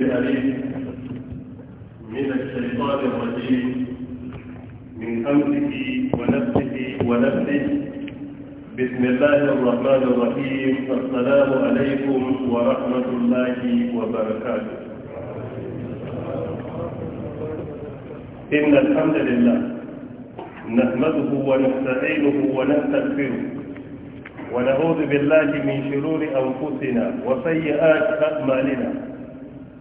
من الشيطان الرجيم من أمسه ونفسه ونفسه بسم الله الرحمن الرحيم السلام عليكم ورحمة الله وبركاته إن الحمد لله نحمده ونستعينه ونستغفره ونعوذ بالله من شرور أنفسنا وسيئات أعمالنا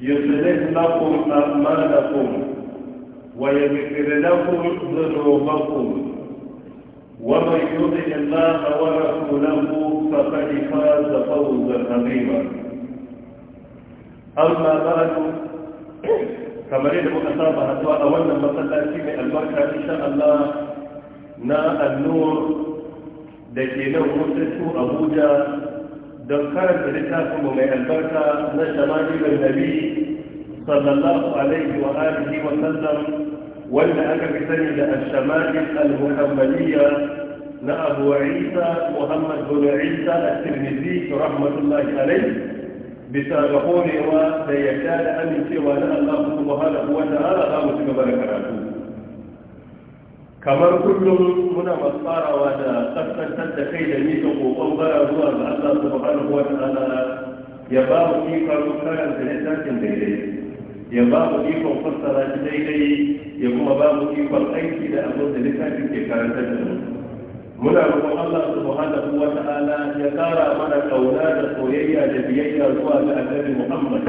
يصلح لكم أعمالكم ويغفر لكم ذنوبكم ومن يطع الله ورسوله فقد فاز فوزا عظيما أما بعد kamar yadda muka saba haduwa a wannan masallaci mai albarka insha Allah na annur da ke nan mutattu Abuja don karanta littafin mu mai albarka na shamani mai nabi sallallahu alaihi wa alihi wa sallam wanda aka fi sani da ashamani al-muhammadiyya na abu isa muhammad bin isa at-tirmidhi rahmatullahi alaihi bisa ga horewa da yadda da amincewa na Allah subhanahu wa ta'ala za mu ci gaba da karatu kamar kullum muna masu farawa da tsaftantar da kai da mika kokon bara zuwa ga Allah subhanahu wa ta'ala ya ba mu ikon karanta littafin daidai ya ba mu ikon fassara shi daidai ya kuma ba mu ikon aiki da abin da littafin ke karanta da mu muna roƙon Allah su subhanahu wa ta'ala ya kara mana kauna da soyayya da biyayya zuwa ga Annabi Muhammad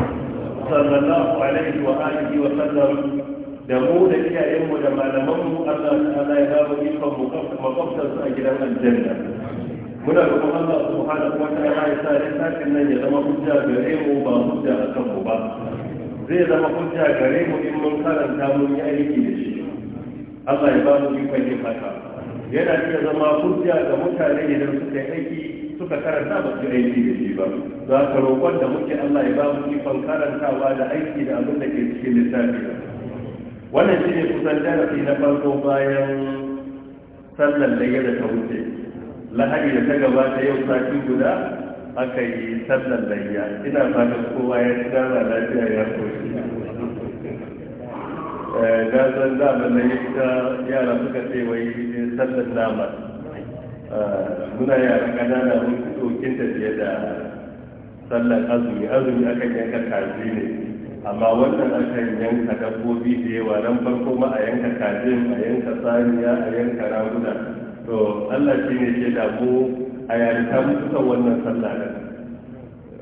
sallallahu alaihi wa alihi wa sallam da mu da iyayenmu da malamanmu Allah ta'ala ya ba mu ikon makwabtar su a gidan aljanna muna roƙon Allah subhanahu wa ta'ala ya sa littafin nan ya zama hujja gare mu ba hujja a mu ba zai zama hujja gare mu in mun karanta mun yi aiki da shi Allah ya ba mu ikon yin haka yana iya zama hujja ga mutane idan suka yi aiki suka karanta ba su aiki da shi ba za ka roƙon da muke Allah ya ba mu ikon karantawa da aiki da abin da ke cikin littafin wannan shi ne kusan darasi na farko bayan sallar da da ta wuce lahari da ta gabata yau sati guda aka yi sallar ya ina fatan kowa ya ci dama lafiya ya koshi eh, na san dama na yi ta yara suka ce wai sallar dama eh, muna yara ƙanana mun fito kinta da sallar azumi azumi akan yanka kaji ne amma wannan akan yanka dabbobi da yawa nan farko ma a yanka kajin a yanka saniya a yanka ramuna to Allah shi ne ke damu a yarita mutu wannan sallah da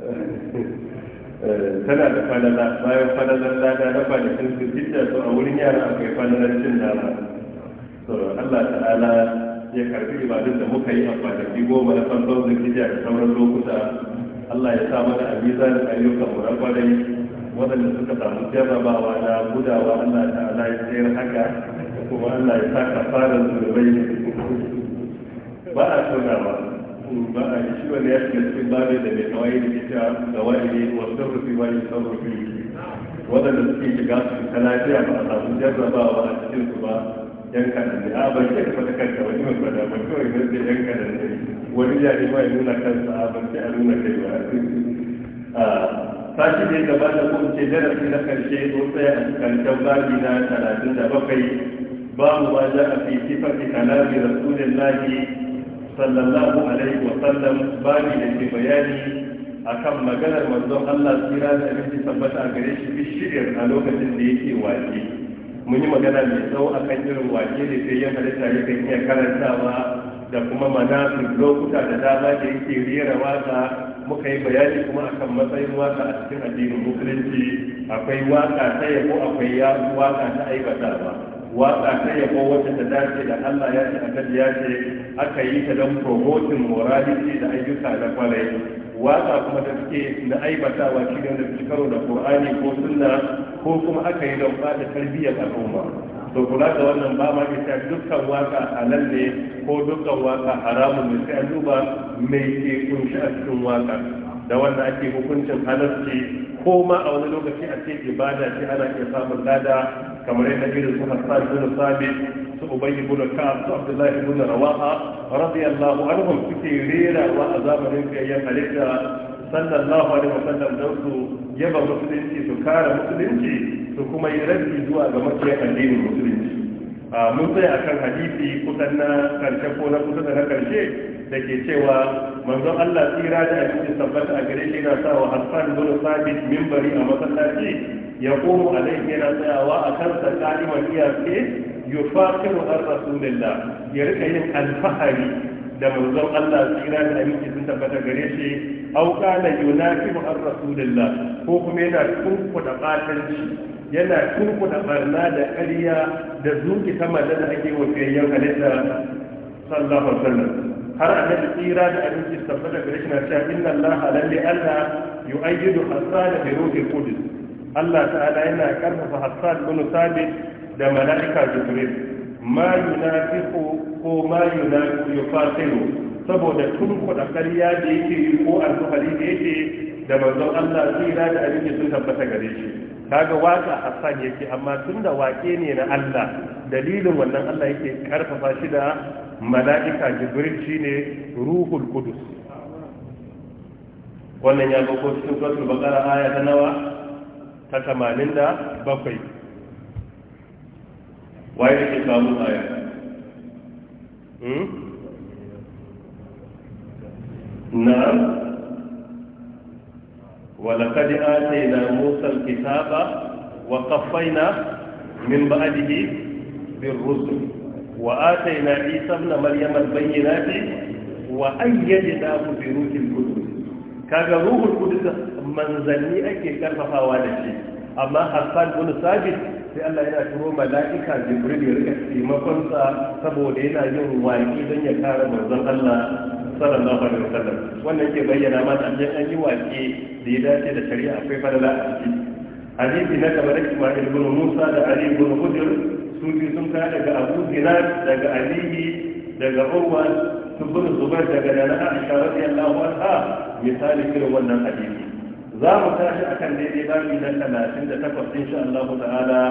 eh, tana da falala bayan falalar lada na kwanakin su fita su a wurin yara akwai falalar cin dama to Allah ta'ala ya karfi ibadun da muka yi a kwanaki goma na farkon zuciya da sauran lokuta Allah ya sa mana a mizanin ayyukan murabba da kwarai waɗanda suka samu jarrabawa na gudawa Allah ta ala ya tsayar haka kuma Allah ya saka fara zurai ba a tonawa ba a yi shi wani ya shiga cikin babu da mai kawai da ita ga wani wasu rufi wani sauran rufi waɗanda suke shiga su ta lafiya ba a samu jarrabawa a cikin su ba yan kanan ne a ban kai fata kanta wani mai fada ba kawai ne sai yan kanan ne wani jari ma ya nuna kansa a ban sai a nuna kai ba sashi ne gaba da kuma ce darasi na karshe ko tsaya a karshen babi na talatin da bakwai babu ba za a fi sifati kalami rasulun lahi sallallahu alaihi wa sallam babi da ke bayani A kan maganar manzon Allah tsira da abinci tabbata a gare shi bishiyar a lokacin da yake wake mun yi magana mai tsawo akan irin wake da ke yin halitta yakan iya karantawa da kuma Manasin lokuta da dama da yake riyara waka muka yi bayani kuma akan matsayin waka a cikin addinin musulunci akwai waka ta yabo akwai waka ta ba, waka ta yabo wacce ta dace da Allah ya ce akan ya ce aka yi ta don promoting morality da ayyuka na kwarai waka kuma ta suke na aibatawa shi ne da karo da Qur'ani ko sunna ko kuma aka yi don ba da tarbiyyar al'umma to kula da wannan ba ma ita dukkan waka halal ne ko dukkan waka haramun ne sai duba mai ke kunshi a cikin waka da wannan ake hukuncin halarci ko ma a wani lokaci a ce ibada ce ana iya samun lada kamar yadda irin su Hassan bin Sabit su Ubay ibn Ka'ab su Abdullahi ibn Rawaha radiyallahu anhum suke rera wa azabarin kayyan halitta sallallahu alaihi wasallam don su yaba musulunci su kare musulunci su kuma yi rabi zuwa ga makiyan addinin musulunci mun tsaya kan hadisi kusan na karshe ko na kusa da na karshe da ke cewa manzon Allah tsira da abinci sabbata a gare shi yana wa Hassan bin Sabit mimbari a masallaci ya komo alai yana tsayawa a kan kansa kaliman yufa yufaqiru ar-rasulillah ya rika yin alfahari da manzon Allah tsira da aminci sun tabbata gare shi au kana yunafiru an rasulillah ko kuma yana kurkuda batanci yana da barna da ƙarya da zuki ta mallan da ake wa fiyayyen halitta sallallahu alaihi wasallam har annabi tsira da aminci sun tabbata gare shi na cewa inna Allah lalle Allah yu'ayyidu hasana bi ruhil qudus Allah ta'ala yana karfafa hasan bin sabit da mala'ika jibril ma yunafiqu ko ma yuna yufasilu saboda tun kuɗa ƙarya da yake yi ko alfahari da yake da manzon Allah tsira da abin sun tabbata gare shi kaga waka Hassan yake amma tun da wake ne na Allah dalilin wannan Allah yake karfafa shi da mala'ika Jibril shine Ruhul Qudus wannan ya ga ko cikin suratul baqara aya ta nawa ta 87 waye yake samu aya نعم ولقد آتينا موسى الكتاب وقفينا من بعده بالرسل وآتينا عيسى ابن مريم البينات وأيدناه بروح القدس كان روح القدس منزلني أكي كان والدي أما حسان بن ثابت sai Allah yana turo mala'ika Jibril ya rika taimakon sa saboda yana yin waki don ya kare manzon Allah sallallahu alaihi wasallam wannan ke bayyana ma da an yi waki da ya dace da shari'a akwai fadala a ciki hadisi na kamar Ismail ibn Musa da Ali ibn Hudr su biyu sun kai daga Abu Dinar daga Ali daga Urwa sun bin zubar daga Nana Aisha radiyallahu anha misali irin wannan hadisi za mu tashi akan daidai babi na talatin da takwas insha Allah ta'ala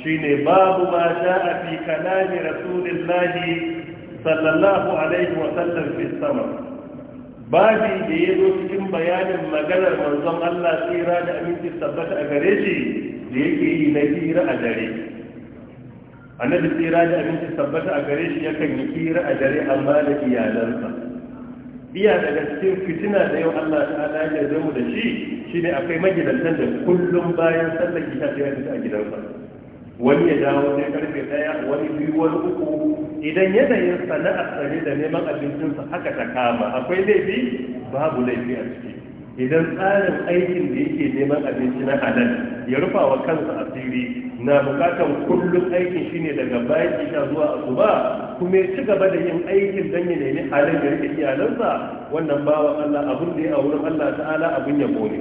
shi ne babu ma sha'a fi kalami rasulillahi sallallahu alaihi wa sallam fi sama babi da ya zo cikin bayanin maganar manzon Allah tsira da aminci tabbata a gare shi da yake yi na kira a dare annabi tsira da aminci tabbata a gare shi yakan yi kira a dare amma da iyalansa biya daga cikin fitina da yau Allah ta'ala ya zama da shi shi ne akwai magidantan da kullum bayan sallar isha sai ya a gidansa wani ya dawo ne karfe daya wani biyu wani uku idan yanayin sana'ar tsare da neman abincinsa haka ta kama akwai laifi babu laifi a ciki idan tsarin aikin da yake neman abinci na halal ya rufa wa kansa asiri na bukatan kullum aikin shine daga bayan isha zuwa asuba kuma ya ci gaba da yin aikin don ya nemi halin da rike iyalansa wannan bawa Allah abun da ya a wurin Allah ta'ala Abun yabo ne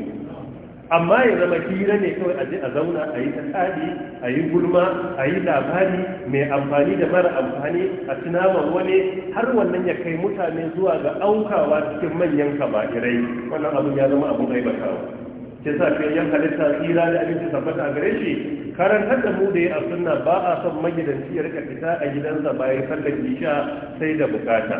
amma ya zama hira ne kawai a je a zauna a yi tsadi a yi gulma a yi labari mai amfani da mara amfani a tunawar wani har wannan ya kai mutane zuwa ga aukawa cikin manyan kaba'irai wannan abin ya zama abin bakawa ke sa fiye yan halitta tsira da abinci tabbata a gare shi karantar da mu da ya sunna ba a son magidanci ya rika fita a gidansa bayan sallar isha sai da bukata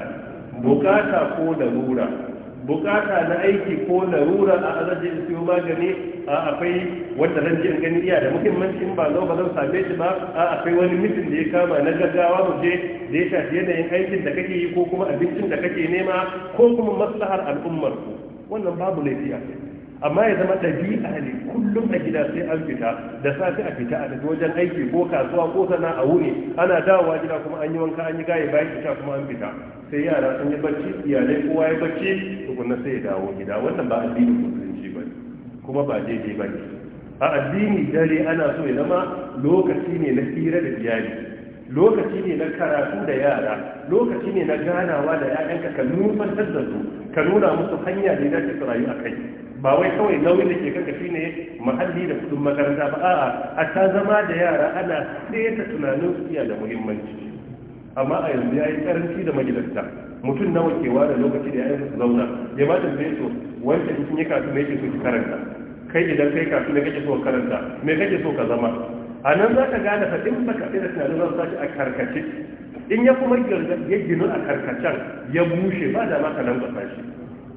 bukata ko da rura bukata na aiki ko rura a azaje in siyo magani a akwai wanda zan gani iya da muhimmanci in ba zo ba zan same shi ba a akwai wani mutum da ya kama na gaggawa mu je da ya shafi yanayin aikin da kake yi ko kuma abincin da kake nema ko kuma maslahar al'ummar ku wannan babu laifi a kai amma ya zama ɗabi'a ne kullum a gida sai an fita da safe a fita a tafi wajen aiki ko kasuwa ko sana'a wuni ana dawowa gida kuma an yi wanka an yi gaye bayan fita kuma an fita sai yara sun yi bacci iyalai kowa ya bacci tukuna sai ya dawo gida wannan ba addinin musulunci ba kuma ba daidai ba ne a addini dare ana so ya zama lokaci ne na hira da iyali lokaci ne na karatu da yara lokaci ne na ganawa da ‘ya'yanka ka nufantar da su ka nuna musu hanya da ya su rayu a kai ba wai kawai nauyin da ke kanka shi ne mahalli da kudin makaranta ba a'a a ta zama da yara ana seta tunanin su iya da muhimmanci amma a yanzu ya yi karanci da magidanta mutum nawa ke ware lokaci da ya yi su zauna ya da zai so wanda in yi kasu mai ke so ki karanta kai idan kai kasu mai kake so karanta me kake so ka zama a nan za ka gane fa in ka tsira tunanin zan saki a karkace in ya kuma ya ginu a karkacen ya bushe ba da ma ka lankwasa shi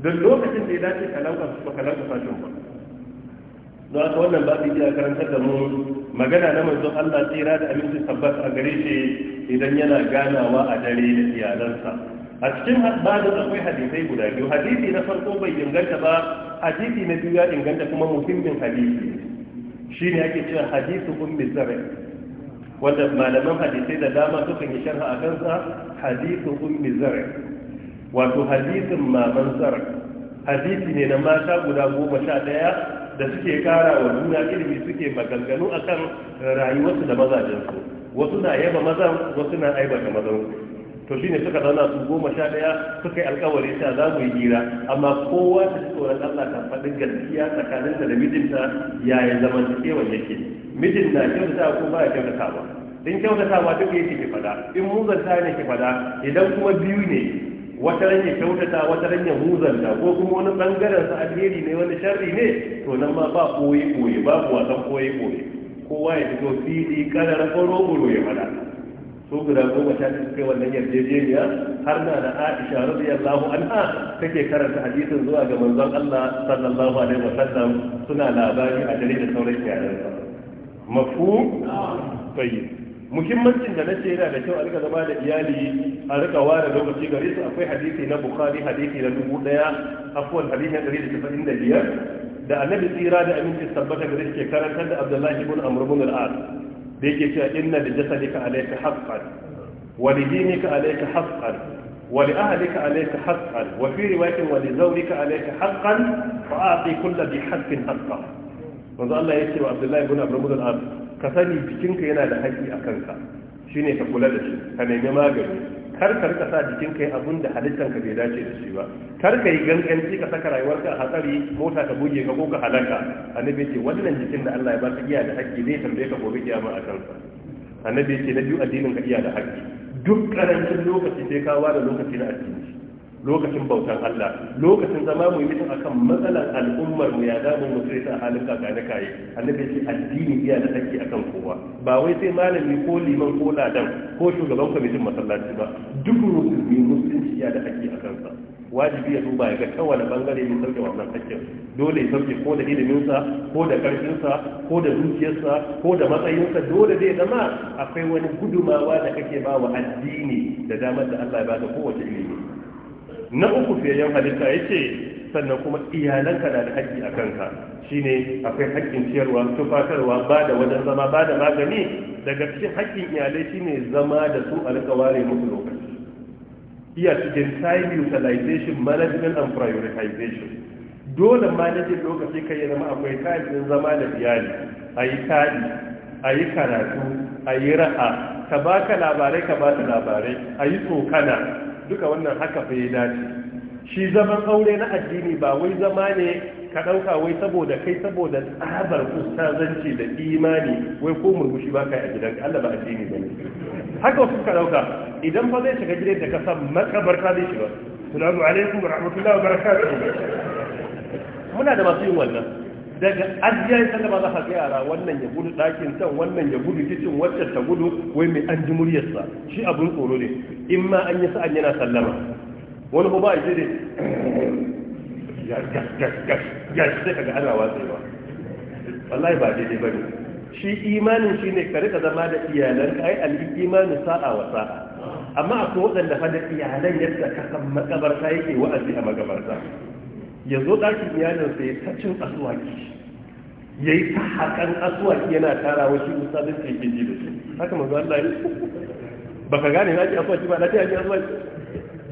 don lokacin da ya dace ka lankwasa ka lankwasa shi ba don haka wannan ba babu iya karantar da mu magana na zuwa Allah tsira da aminci tabbas a gare shi idan yana ganawa a dare da iyalansa a cikin babin akwai hadisai guda biyu hadisi na farko bai inganta ba hadisi na biyu ya inganta kuma muhimmin hadisi Shi ne ake cewa hadisu ummi zare? wanda malaman hadisai da dama sukan yi sharha a kansa hadisu ummi zare? wato hadisin maman hadisi ne na mata guda goma sha ɗaya da suke kara wa juna ilimi suke maganganu akan rayuwarsu da mazajensu wasu na yaba mazan wasu na aibata mazan to shine suka zauna su goma sha daya suka yi alkawari ta za mu yi hira amma kowa da tsoron Allah ta faɗi gaskiya tsakaninta da mijinta yayin zaman kewan yake mijin na kyautata ko ba ya kyautatawa in ba duk yake ki faɗa in zanta ne ki faɗa idan kuma biyu ne wata ranye kyautata wata ranye huzanta ko kuma wani bangaren sa alheri ne wani sharri ne to nan ma ba koyi koyi babu wasan koyi koyi kowa ya fito fili kadara koro robo ya fada So guda goma sha biyu kai wannan yarjejeniya har na da Aisha radiyallahu anha take karanta hadisin zuwa ga manzon Allah sallallahu alaihi wasallam suna labari a dare da sauran yaran sa mafhum tayyib muhimmancin da nace yana da kyau a rika zama da iyali a rika ware lokaci gare su akwai hadisi na bukhari hadisi na dubu daya afuwan hadisi na ɗari da tasa'in da biyar da annabi tsira da aminci tabbata gare shi karantar da abdullahi ibn amr ibn al-as da yake cewa inna li jasadika alayka haqqan wa li dinika alayka haqqan wa li ahlika alayka haqqan wa fi riwayatin wa li zawrika alayka haqqan fa a'ti kulla bi haqqin haqqan manzo Allah ya ce wa abdullahi ibn amr ibn al-as ka sani jikinka yana da haƙƙi a kanka Shi ne ka kula da shi ka nemi magani kar ka rika sa jikinka abin da halittanka bai dace da shi ba kar ka yi ganganci ka saka rayuwarka a hatsari mota ka buge ka ko ka halaka annabi ce wannan jikin da Allah ya ka iya da haƙƙi zai tambaye ka gobe kiyama a kansa annabi ce na biyu addinin ka iya da haƙƙi duk karancin lokaci sai ka ware lokaci na addini lokacin bautan Allah lokacin zama mu yi akan matsalar al'ummar mu ya zamu mu sai ta halin ka gane kai annabi ce addini iya da take akan kowa ba wai sai malami ko liman ko ladan ko shugaban kwamitin masallaci ba duk musulmi musulunci iya da take akan sa wajibi ya duba ya ga ta bangare ne sauke wannan hakkin dole ya sauke ko da iliminsa ko da karfinsa ko da sa ko da matsayinsa dole zai zama akwai wani gudumawa da kake ba wa addini da damar da Allah ya ka kowace ilimi na uku fiyayyen halitta ya ce sannan kuma iyalanka na da haƙƙi a kanka shine akwai haƙƙin ciyarwa tufatarwa ba da wajen zama ba da magani daga cikin haƙƙin iyalai shine zama da su a rika ware musu lokaci iya cikin time utilization management and prioritization dole ma manajin lokaci kai ya zama akwai kayan zama da iyali a yi kaɗi a yi karatu a yi ra'a ka ba ka labarai ka ba ta labarai a yi tsokana duka wannan haka fa ya dace shi zaman aure na addini ba wai zama ne ka ɗauka wai saboda kai saboda tsabar ustazanci da imani wai ko murmushi ba kai a gidanka Allah ba addini ba ne haka wasu ka ɗauka idan fa zai shiga gidan da ka san makabarta zai shiga salamu alaikum wa rahmatullahi wa barakatuhu muna da masu yin wannan daga ajiyar sanda ba za ka ga yara wannan ya gudu ɗakin can wannan ya gudu kicin wacce ta gudu wai mai an ji muryarsa shi abin tsoro ne in ma an yi sa'an yana sallama wani kuma a jire gash gash gash gash sai kaga ana watsewa wallahi ba daidai ne. shi imanin shi ne kare ka zama da iyalan ai al imanin sa'a wa sa'a amma akwai waɗanda fa da iyalan yadda ka san makabarta yake wa'azi a magabarta ya zo ɗakin iyalinsa ya tacin asuwaki ya yi ta haƙan asuwaki yana tara tarawa shi musa da ke ji da shi haka mazu Allah ya baka gane na ji a ba na ce ji aswaki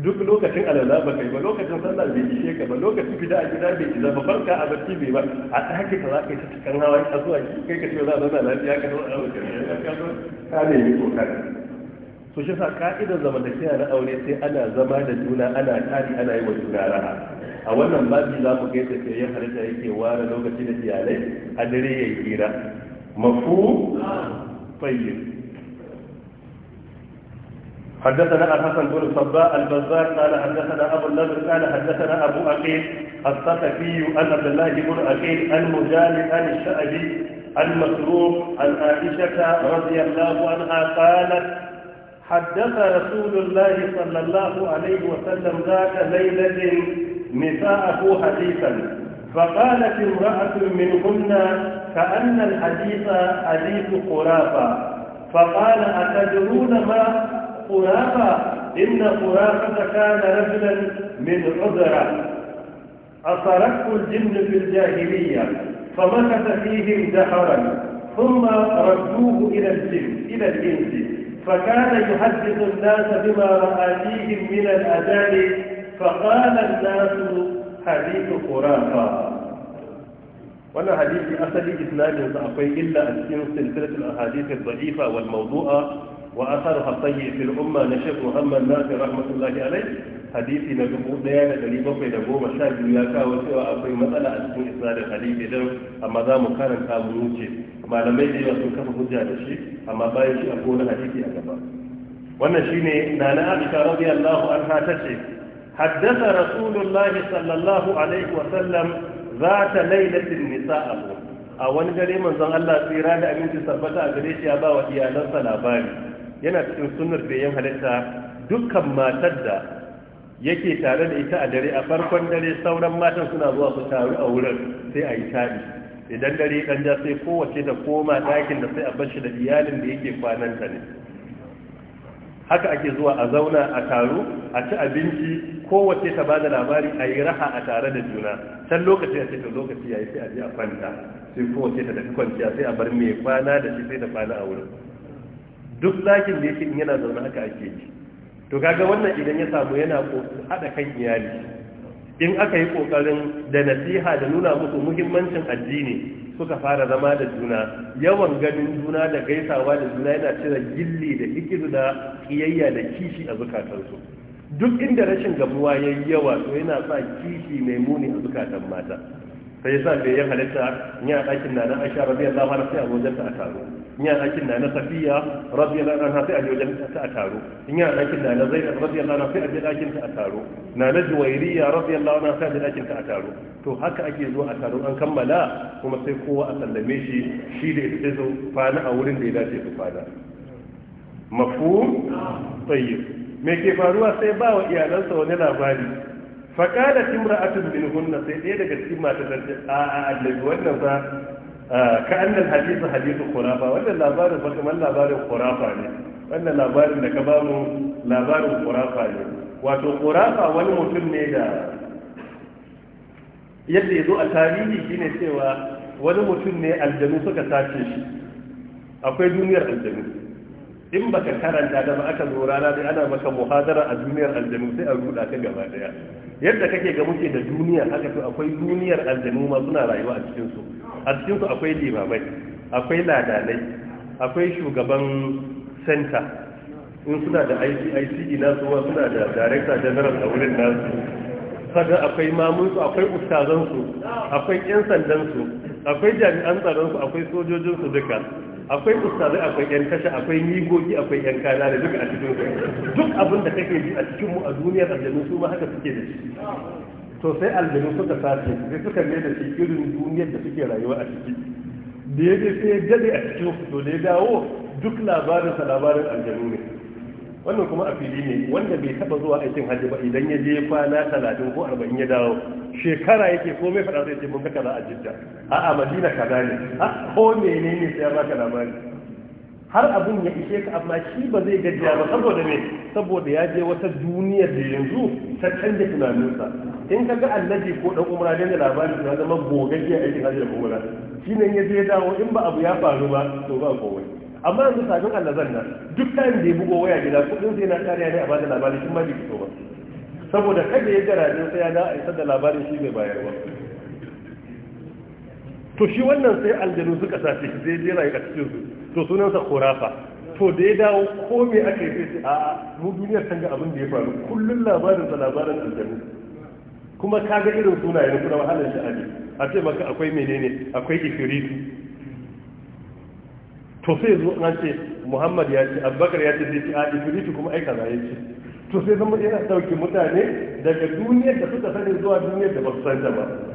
duk lokacin alala ba kai ba lokacin sallah bai ishe ka ba lokacin fita a gida bai isa ba farka a barci bai ba a ɗaki ka za ka yi cikin hawa a zuwa kai ka ce za a zauna lafiya ka zauna lafiya ka zo ka nemi kokari su shi sa ka'idar zamantakewa na aure sai ana zama da juna ana tari ana yi wa juna raha a wannan babi za mu gaisa ke yin halitta yake ware lokacin da iyalai a dare ya yi hira mafu fayyar حدثنا الحسن بن صباء البزار قال حدثنا ابو النضر قال حدثنا ابو اقيل الثقفي ان عبد الله بن اقيل المجالي عن الشعبي عن عن عائشه رضي الله عنها قالت حدث رسول الله صلى الله عليه وسلم ذات ليله نساءه حديثا فقالت امراه منهن كان الحديث حديث خرافه فقال اتدرون ما قرافة إن قرافة كان رجلا من عذرة أطرقه الجن في الجاهلية فمكث فيهم دهرا ثم ردوه إلى الجن إلى الإنس فكان يحدث الناس بما رأى فيهم من الأجال فقال الناس حديث خرافة ولا حديث asali إثنان akwai illa a cikin silsilatul ahadith ad-da'ifa وأثر حطيه في الأمة نشيخ da ناصر رحمة الله عليه حديثي نجمو ديانا قريبا في نجوم الشاهد وياكا وسوى أقوي مثلا أسمو إسرار mu دم أما ذا مكان كامنوشي ما لم يجي يصل amma حجة shi a بايش أقول حديثي أكبر wannan shine nana Aisha radiyallahu anha ce haddasa rasulullahi sallallahu alaihi wa sallam zata lailatin nisa'ahu a wani dare manzon Allah tsira da aminci sabbata a gare shi ya ba wa iyalansa labari yana cikin sunnar yin halitta dukkan matar da yake tare da ita a dare a farkon dare sauran matan suna zuwa su taru a wurin sai a yi tari idan dare kan ja sai kowace da koma ɗakin da sai a bar shi da iyalin da yake kwananta ne haka ake zuwa a zauna a taru a ci abinci kowace ta ba da labari a yi raha a tare da juna can lokaci a cikin lokaci ya yi sai a je a kwanta sai kowace ta tafi kwanciya sai a bar mai kwana da shi sai da kwana a wurin duk lakin da yake yana zaune haka ake yi to kaga wannan idan ya samu yana haɗa kan iyali in aka yi kokarin da nasiha da nuna musu muhimmancin addini suka fara zama da juna yawan ganin juna da gaisawa da juna yana cire gilli da ikiru da kiyayya da kishi a zukatansu duk inda rashin gamuwa ya yi yawa to yana sa kishi mai muni a zukatan mata sai yasa bai ya halitta ya ɗakin na na aisha rabiyallahu anha sai a wajen ta a taro in yana ɗakin na na safiya radiyallahu anha sai a je wajen ta a taro in yana ɗakin na na zainab radiyallahu anha sai a je ɗakin ta a taro na na juwairiya radiyallahu anha sai a je ɗakin ta a taro to haka ake zuwa a taro an kammala kuma sai kowa a sallame shi shi da ita zo kwana a wurin da ya dace su kwana mafhum tayyib me ke faruwa sai ba wa iyalansa wani labari faƙalar imra'atun min hunna sai ɗaya daga cikin mata da a annabi wannan fa ka الحديث حديث hadisu khurafa لابار labarin ba kamar labarin khurafa ne wannan labarin da ka bamu labarin khurafa ne wato khurafa wani mutum ne da yadda ya zo a tarihi shine cewa wani mutum ne aljanu suka sace shi akwai duniyar in baka karanta da ba aka zo rana da ana maka muhadara a duniyar aljanu sai a ruda gaba daya yadda kake ga muke da duniya haka to akwai duniyar aljanu ma suna rayuwa a cikin a cikin su akwai limamai akwai ladanai akwai shugaban center in suna da ICICE na suwa suna da director general a wurin nasu saka akwai mamunsu akwai ustazansu akwai 'yan sandansu akwai jami'an tsaronsu akwai sojojinsu duka akwai ustazai akwai 'yan tasha akwai nigogi akwai 'yan kana da duka a cikin duk abin da kake ji a cikinmu a duniyar aljanu su ma haka suke da shi to sai aljanu suka sace sai suka ne da irin duniyar da suke rayuwa a ciki da ya sai ya a cikin to da ya dawo duk labarin sa labarin aljanu ne wannan kuma a fili ne wanda bai taba zuwa aikin hajji ba idan ya je kwana talatin ko arba'in ya dawo shekara yake ko mai faɗa zai ce mun ga kaza a jidda a'a madina kaza ne a ko menene sai ya baka labari har abin ya ishe ka amma shi ba zai gajiya ba saboda me saboda ya je wata duniya da yanzu ta canja tunaninsa in ka ga annabi ko dan umra da labari suna zama gogaggiya a cikin hajjar umra shi ne ya je dawo in ba abu ya faru ba to ba kowai amma yanzu sabin zan nan duk kan da ya bugo waya gida kudin zai na kariya ne a bada labari shi ma bai fito ba saboda kada ya garajin sai ya da a isar da labarin shi bai bayar ba to shi wannan sai aljanu suka sace shi sai jera yi a cikin su to sunansa khurafa to da ya dawo ko me aka yi sai a mu duniyar tanga abin da ya faru kullun labarin da labarin aljanu kuma ka ga irin sunayen kuma wahalar aji. a ce maka akwai menene akwai ifiritu to sai zo an ce muhammad ya ce abubakar ya ce zai ce a ifiritu kuma aika za ya ce to sai zama yana sauke mutane daga duniyar da suka sani zuwa duniyar da ba su san ba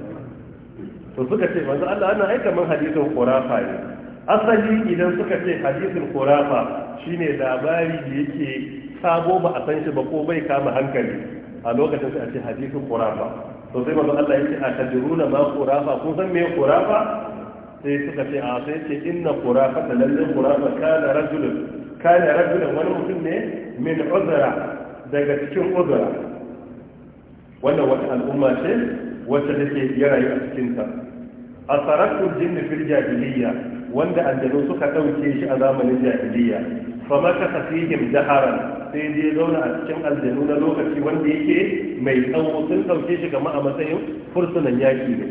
to suka ce manzo Allah ana aika man hadisin qurafa ne asali idan suka ce hadisin qurafa shine labari da yake sabo ba a san shi ba ko bai kama hankali a lokacin sai a ce hadisin qurafa to sai manzo Allah yake a tadruna ma qurafa ko san me qurafa sai suka ce a sai ce inna qurafa da lalle khurafa kana rajulun kana rajulun wani mutum ne min uzra daga cikin uzra wannan wata al'umma ce wacce take ya rayu a cikinta a sarakun jinni fil jahiliya wanda aljanu suka ɗauke shi a zamanin jahiliya fa maka fasihim daharan sai dai zauna a cikin aljanu na lokaci wanda yake mai tsawo sun ɗauke shi kama a matsayin fursunan yaƙi ne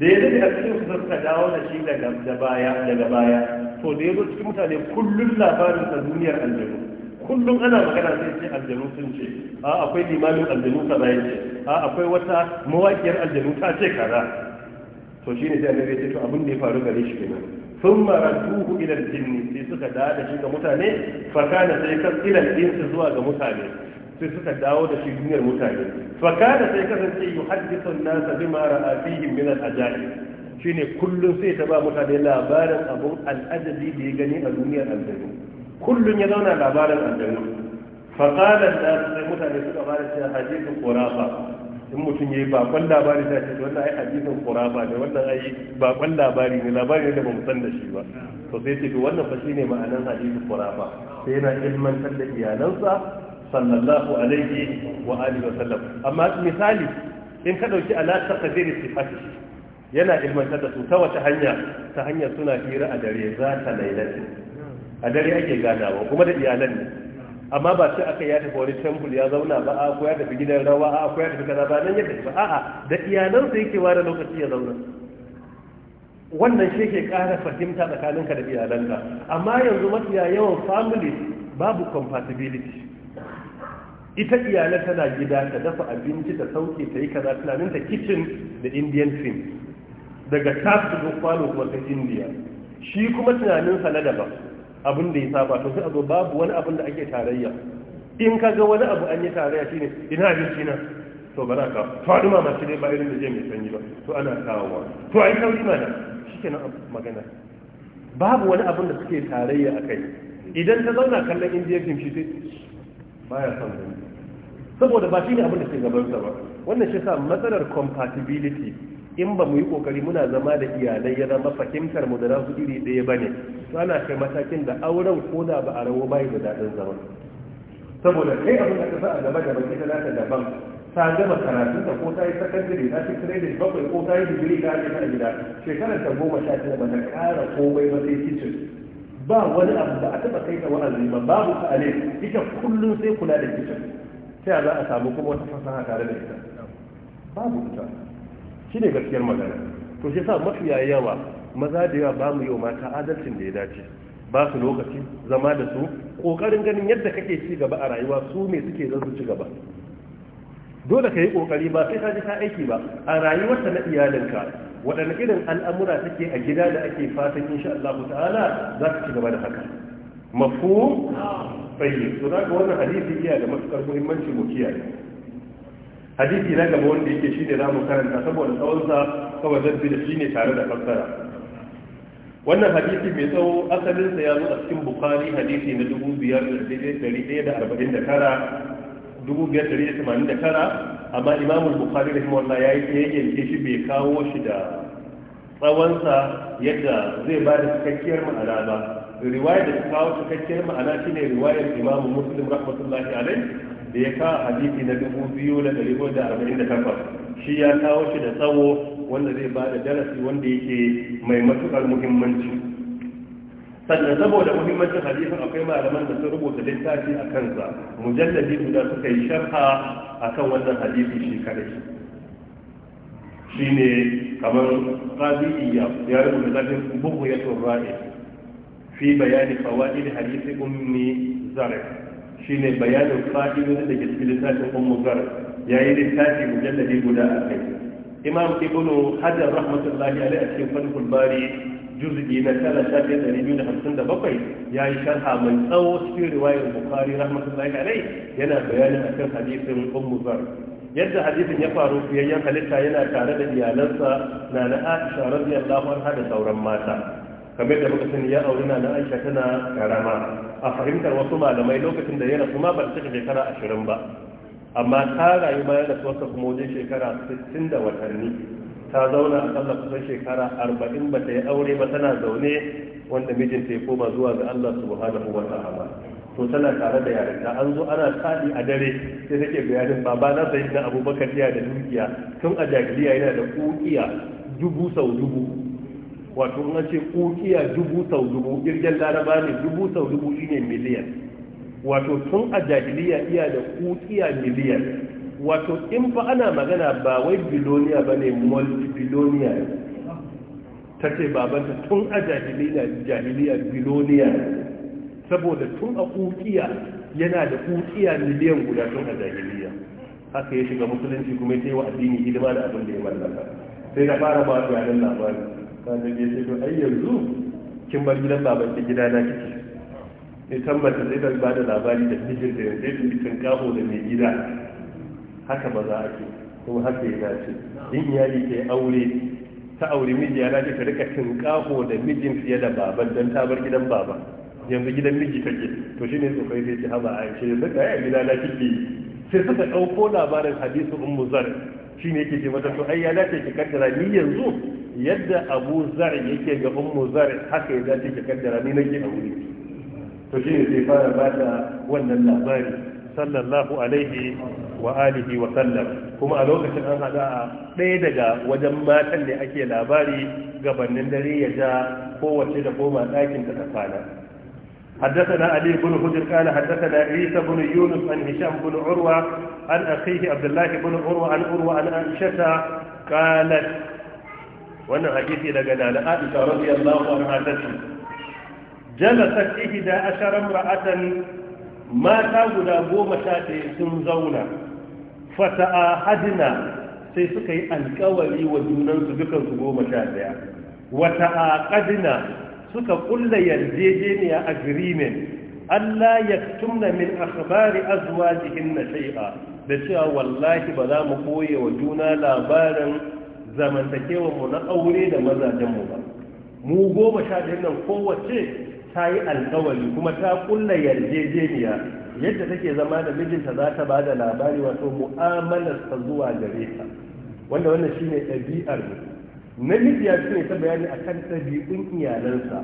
da ya daga cikin su suka dawo da shi daga baya daga baya to da ya zo cikin mutane kullum labarin sa duniyar aljanu kullum ana magana sai ce aljanu sun ce a akwai limamin aljanu kaza ya ce a akwai wata mawaƙiyar aljanu ta ce kaza to shi ne zai ya ce to abin da ya faru gare shi kenan Sun mara tuhu ilar الجن sai suka dawo da shi ga mutane faka da sai kan ilar su zuwa ga mutane sai suka dawo da shi duniyar mutane faka da sai kasance yuhaddithu an-nasa bima ra'a fihim min ajali Shi ne kullum sai ta ba mutane labarin abun al'ajabi da ya gani a duniyar aljanu Kullum ya zauna labarin aljanu fa da sai mutane suka fara cewa hadithu qurafa in mutum ya yi bakon labari ta ce wannan ai hadisin kurama ne wannan ai bakon labari ne labari ne da bamu san da shi ba to sai ce to wannan fa shine ma'anan hadisin kurama sai yana ilmantar da iyalansa sallallahu alaihi wa alihi wa sallam amma misali in ka dauki alaƙar kadiri sifati yana ilmantar da su ta wata hanya ta hanya suna hira a dare za ta lailati a dare ake ganawa kuma da iyalan ne amma ba sai aka ya tafi wani temple ya zauna ba a ko ya tafi gidan rawa a ko ya tafi kaza ba nan ya tafi ba a'a da iyalansa yake ware lokaci ya zauna wannan shi ke ƙara fahimta tsakaninka da iyalanka amma yanzu mafiya yawan family babu compatibility ita iyalan tana gida ta dafa abinci ta sauke ta yi kaza ta kitchen da indian thing daga tasu kwano kuma ta indiya shi kuma tunaninsa na daban abin da ya saba to sai a zo babu wani abin da ake tarayya in ka ga wani abu an yi tarayya shine ina abinci na to ba za ka duma ma masu dai ba irin da je mai sanyi ba to ana kawowa to a yi sauri mana shi ke magana babu wani abin da suke tarayya a kai idan ta zauna kallon indiya fim shi sai ba ya gani saboda ba shi ne abin da ke gabansa ba wannan shi sa matsalar compatibility in ba mu yi kokari muna zama da iyalai ya zama fahimtar mu da nasu iri ɗaya ba ne to ana kai matakin da auren ko da ba a rawo bai da daɗin zama saboda kai abin da ka sa a gaba da bakin ta nata daban ta gama karatun ta ko ta yi sakandare ta cikin rai bakwai ko ta yi digiri ta ajiye a gida shekarar ta goma sha tara ba ta ƙara komai ba sai kicin ba wani abu da a taɓa kai ta wa'azi ba babu ale ita kullum sai kula da kicin sai a za a samu kuma wata fasaha tare da ita babu ita shi ne gaskiyar magana to shi sa mafiya yawa maza da yawa ba mu yi wa mata adalcin da ya dace ba su lokaci zama da su ƙoƙarin ganin yadda kake ci gaba a rayuwa su ne suke zan su ci gaba dole ka yi ƙoƙari ba sai ka ji ka aiki ba a rayuwarta na iyalinka waɗanne irin al'amura take a gida da ake fatan insha Allah ta'ala za ka ci gaba da haka mafu tsaye to za ka wannan hadisi iya da matuƙar muhimmanci mu kiyaye hadisi na gaba wanda yake shi ne zamu karanta saboda tsawonsa kawai zan bi da shi ne tare da fassara wannan hadisi mai tsawo asalinsa ya zo a cikin bukari hadisi na 5,149 amma imamu bukari da wanda ya yi yanke shi bai kawo shi da tsawonsa yadda zai ba da cikakkiyar ma'ana ba riwayar da ta kawo cikakkiyar ma'ana shine riwayar imamu muslim rahmatullahi alaihi da ya kawo hadisi na dubu biyu da dari da arba'in da takwas shi ya kawo shi da tsawo wanda zai ba da darasi wanda yake mai matukar muhimmanci sannan saboda muhimmancin hadisin akwai malaman da sun rubuta littafi a kansa mujalladi guda suka yi sharha a kan wannan hadisi shi kadai Shi ne kamar qadiyya ya rubuta zafin bugu ya fi bayani fawaid hadisi ummi zarafi shine bayanin fa'idodin da ke cikin littafin ummu zar yayi littafi mujalladi guda a kai imam ibnu hajar rahmatullahi alaihi a cikin bari juz'i na tara shafi ɗari biyu da hamsin da bakwai ya yi sharha mai tsawo cikin riwayar bukari rahmatullahi alaihi yana bayanin akan hadisin ummu yadda hadisin ya faru fiyayyen halitta yana tare da iyalansa na na aisha radiyallahu anha da sauran mata kamar da muka sani ya auri na aisha tana karama a fahimtar wasu malamai lokacin da ya rasu ma ba cika shekara ashirin ba amma ta rayu bayan da wasu kuma wajen shekara sittin da watanni ta zauna a kalla kusan shekara arba'in ba ta yi aure ba tana zaune wanda mijinta ya koma zuwa ga allah subhanahu wa ta'ala to tana tare da yarinta an zo ana tsadi a dare sai take bayanin baba na sayi na abubakar jiya da dukiya tun a jahiliya yana da kukiya dubu sau dubu wato na ce kukiya dubu sau dubu jirgin laraba ne dubu sau dubu shine miliyan wato tun a jahiliya iya da kukiya miliyan wato in fa ana magana ba wai biloniya ba ne multibiloniya ta ce babanta tun a jahiliya biloniya saboda tun a kukiya yana da kukiya miliyan guda tun a jahiliya haka ya shiga musulunci kuma ya ce wa addini hidima da abin da ya mallaka sai da fara ba su yanin labarin ɗalibi ya ce to ai yanzu kin bar gidan baban ki gida na kike ya tabbata zai da bada labari da mijin da yanzu ya fi tunkaho da mai gida haka ba za a ke kuma haka ya dace in iyali ke aure ta aure miji ya dace ta rika tunkaho da mijin fiye da baban don ta bar gidan baban yanzu gidan miji take to shine tsofai sai ki haba a ce yanzu ka yi a gida na kike sai suka ɗauko labarin hadisu ummu zar shi ne yake ce mata to ai ya dace ki kaddara ni yanzu yadda abu zar yake ga ummu zar haka ya dace ki kaddara ni nake a wuri to shi ne zai fara ba da wannan labari sallallahu alaihi wa alihi wa sallam kuma a lokacin an haɗa a ɗaya daga wajen matan da ake labari gabanin dare ya ja kowace da koma ɗakin ta ta kwana حدثنا علي بن هجر قال حدثنا عيسى بن يونس عن هشام بن عروة عن أخيه عبد الله بن عروة عن عروة عن عائشة قالت وانا حديثي لقنا عائشة رضي الله عنها تشي جلست إحدى عشر امرأة ما تاغدا قوم شاتي سنزونا فتآهدنا sai suka yi alkawari wa junansu dukansu goma sha daya wata aƙadina suka kulla yarjejeniya agreement Allah ya tumna min akhbari azwajihin na shay'a da cewa wallahi ba za mu koye wa juna labarin zamantakewar mu na aure da mazajen mu ba mu goma sha biyar nan kowace ta yi alkawari kuma ta kulla yarjejeniya yadda take zama da mijinta za ta ba da labari wato mu'amalarsa zuwa gare ta wanda wannan shine ɗabi'ar mu namiji ya ne ta bayani a kan ɗabi'un iyalansa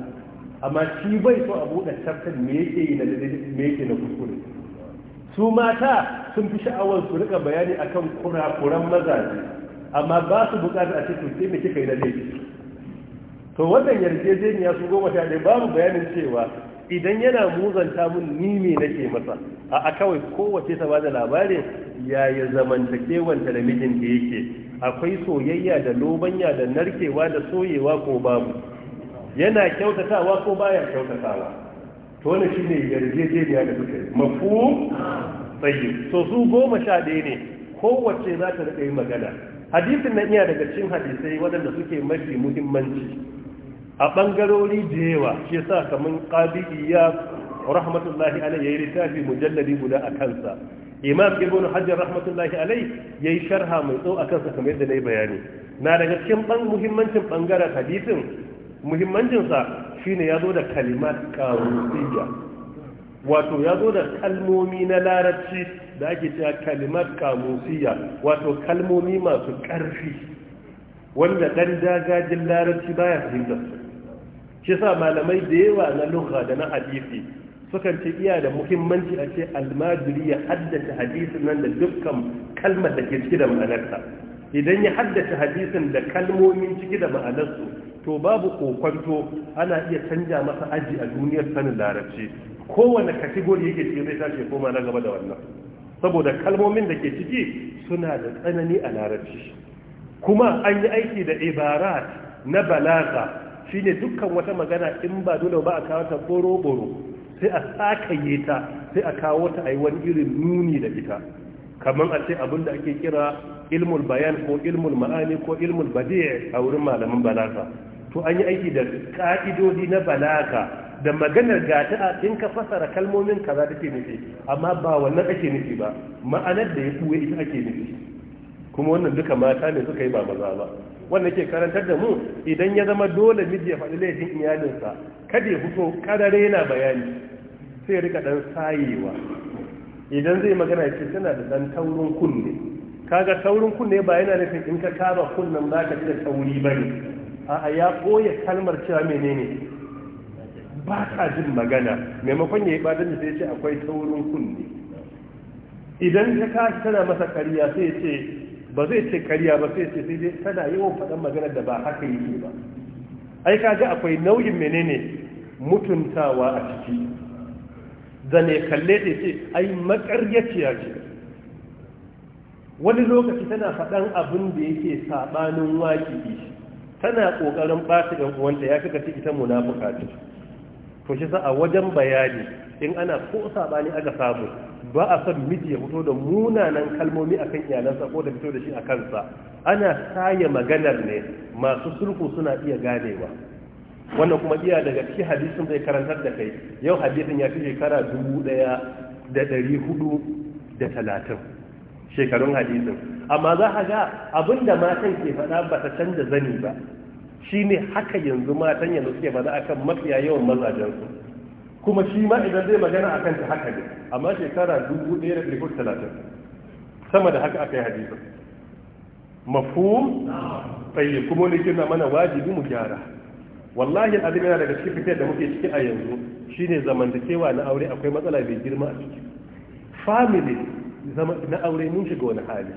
amma shi bai so a buɗe chapter me yake yi na me na kuskure su mata sun fi sha'awar su rika bayani akan kurakuran mazaje amma ba su buƙatar a cikin sai me kika yi na laifi to wannan yarjejeniya su goma sha ɗaya babu bayanin cewa idan yana muzanta mun ni me nake masa a kawai kowace ta bada labarin yaya zamantakewanta da da yake akwai soyayya da lobanya da narkewa da soyewa ko babu yana kyautatawa ko baya kyautatawa to wannan shine yarjejeniya da suka mafu tsayi so su goma sha ɗaya ne kowace za ta riƙa magana hadisin na iya daga cikin hadisai waɗanda suke mafi muhimmanci a ɓangarori da yawa shi yasa kamar ƙabi'iyya rahmatullahi alaihi ya yi littafi mujalladi guda a kansa imam ibn hajjar rahmatullahi alai yayi sharha mai tsawo akan sa kamar yadda nayi bayani na daga cikin ban muhimmancin bangaren hadisin muhimmancin sa shine yazo da kalimat qarusiyya wato yazo da kalmomi na larabci da ake cewa kalimat qamusiyya wato kalmomi masu karfi wanda dan dagajin larabci baya fahimta shi sa malamai da yawa na lugha da na hadisi sukan ce iya da muhimmanci a ce almajiri ya haddace hadisin nan da dukkan kalmar da ke ciki da ma'anarsa idan ya haddace hadisin da kalmomin ciki da ma'anarsu to babu kokwanto ana iya canja masa aji a duniyar sanin larabci kowane kategori yake ciki zai tashi koma na gaba da wannan saboda kalmomin da ke ciki suna da tsanani a larabci kuma an yi aiki da ibarat na balaga shine dukkan wata magana in ba dole ba a kawo ta boro-boro sai a sakaye ta sai a kawo ta a yi wani irin nuni da ita kamar a ce abin da ake kira ilmul bayan ko ilmul ma'ani ko ilmul badi a wurin malamin balaka to an yi aiki da ka'idodi na balaka da maganar gata in ka fasara kalmomin kaza take nufi amma ba wannan ake nufi ba ma'anar da ya kuwe ita ake nufi kuma wannan duka mata ne suka yi ba maza ba wannan ke karantar da mu idan ya zama dole miji ya faɗi laifin iyalinsa kada ya fito karare yana bayani sai rika dan sayewa idan zai magana ce tana da dan taurin kunne kaga taurin kunne ba yana nufin in ka kaba kunnen ba ka da tauri ba ne a ya koya kalmar cewa menene ba ka jin magana maimakon ya yi ba da sai ce akwai taurin kunne idan ta kashi tana masa kariya sai ce ba zai ce kariya ba sai ce sai dai tana yawan faɗan magana da ba haka yake ba ai kaga akwai nauyin menene mutuntawa a ciki da ne kalle ta ce ai makaryaciya ce wani lokaci tana faɗan abin da yake saɓanin waƙi tana ƙoƙarin ɓata ɗan uwanta ya kaka ciki ita munafuka ce to shi sa a wajen bayani in ana ko saɓani aka samu ba a son miji ya fito da munanan kalmomi akan iyalansa ko da fito da shi a kansa ana saye maganar ne masu sulhu suna iya ganewa wannan kuma iya daga cikin hadisin zai karantar da kai yau hadisin ya fi shekara dubu ɗaya da dari hudu da talatin shekarun hadisin amma za a ga abinda matan ke faɗa ba ta canza zani ba Shi ne haka yanzu matan yanzu suke faɗa akan mafiya yawan mazajensu kuma shi ma idan zai magana a kanta haka ne amma shekara dubu ɗaya da da talatin sama da haka aka yi hadisin Mafu, tayyib kuma ne kina mana wajibi mu gyara wallahi abin yana daga cikin fitar da muke ciki a yanzu shine cewa na aure akwai matsala mai girma a ciki family na aure mun shiga wani hali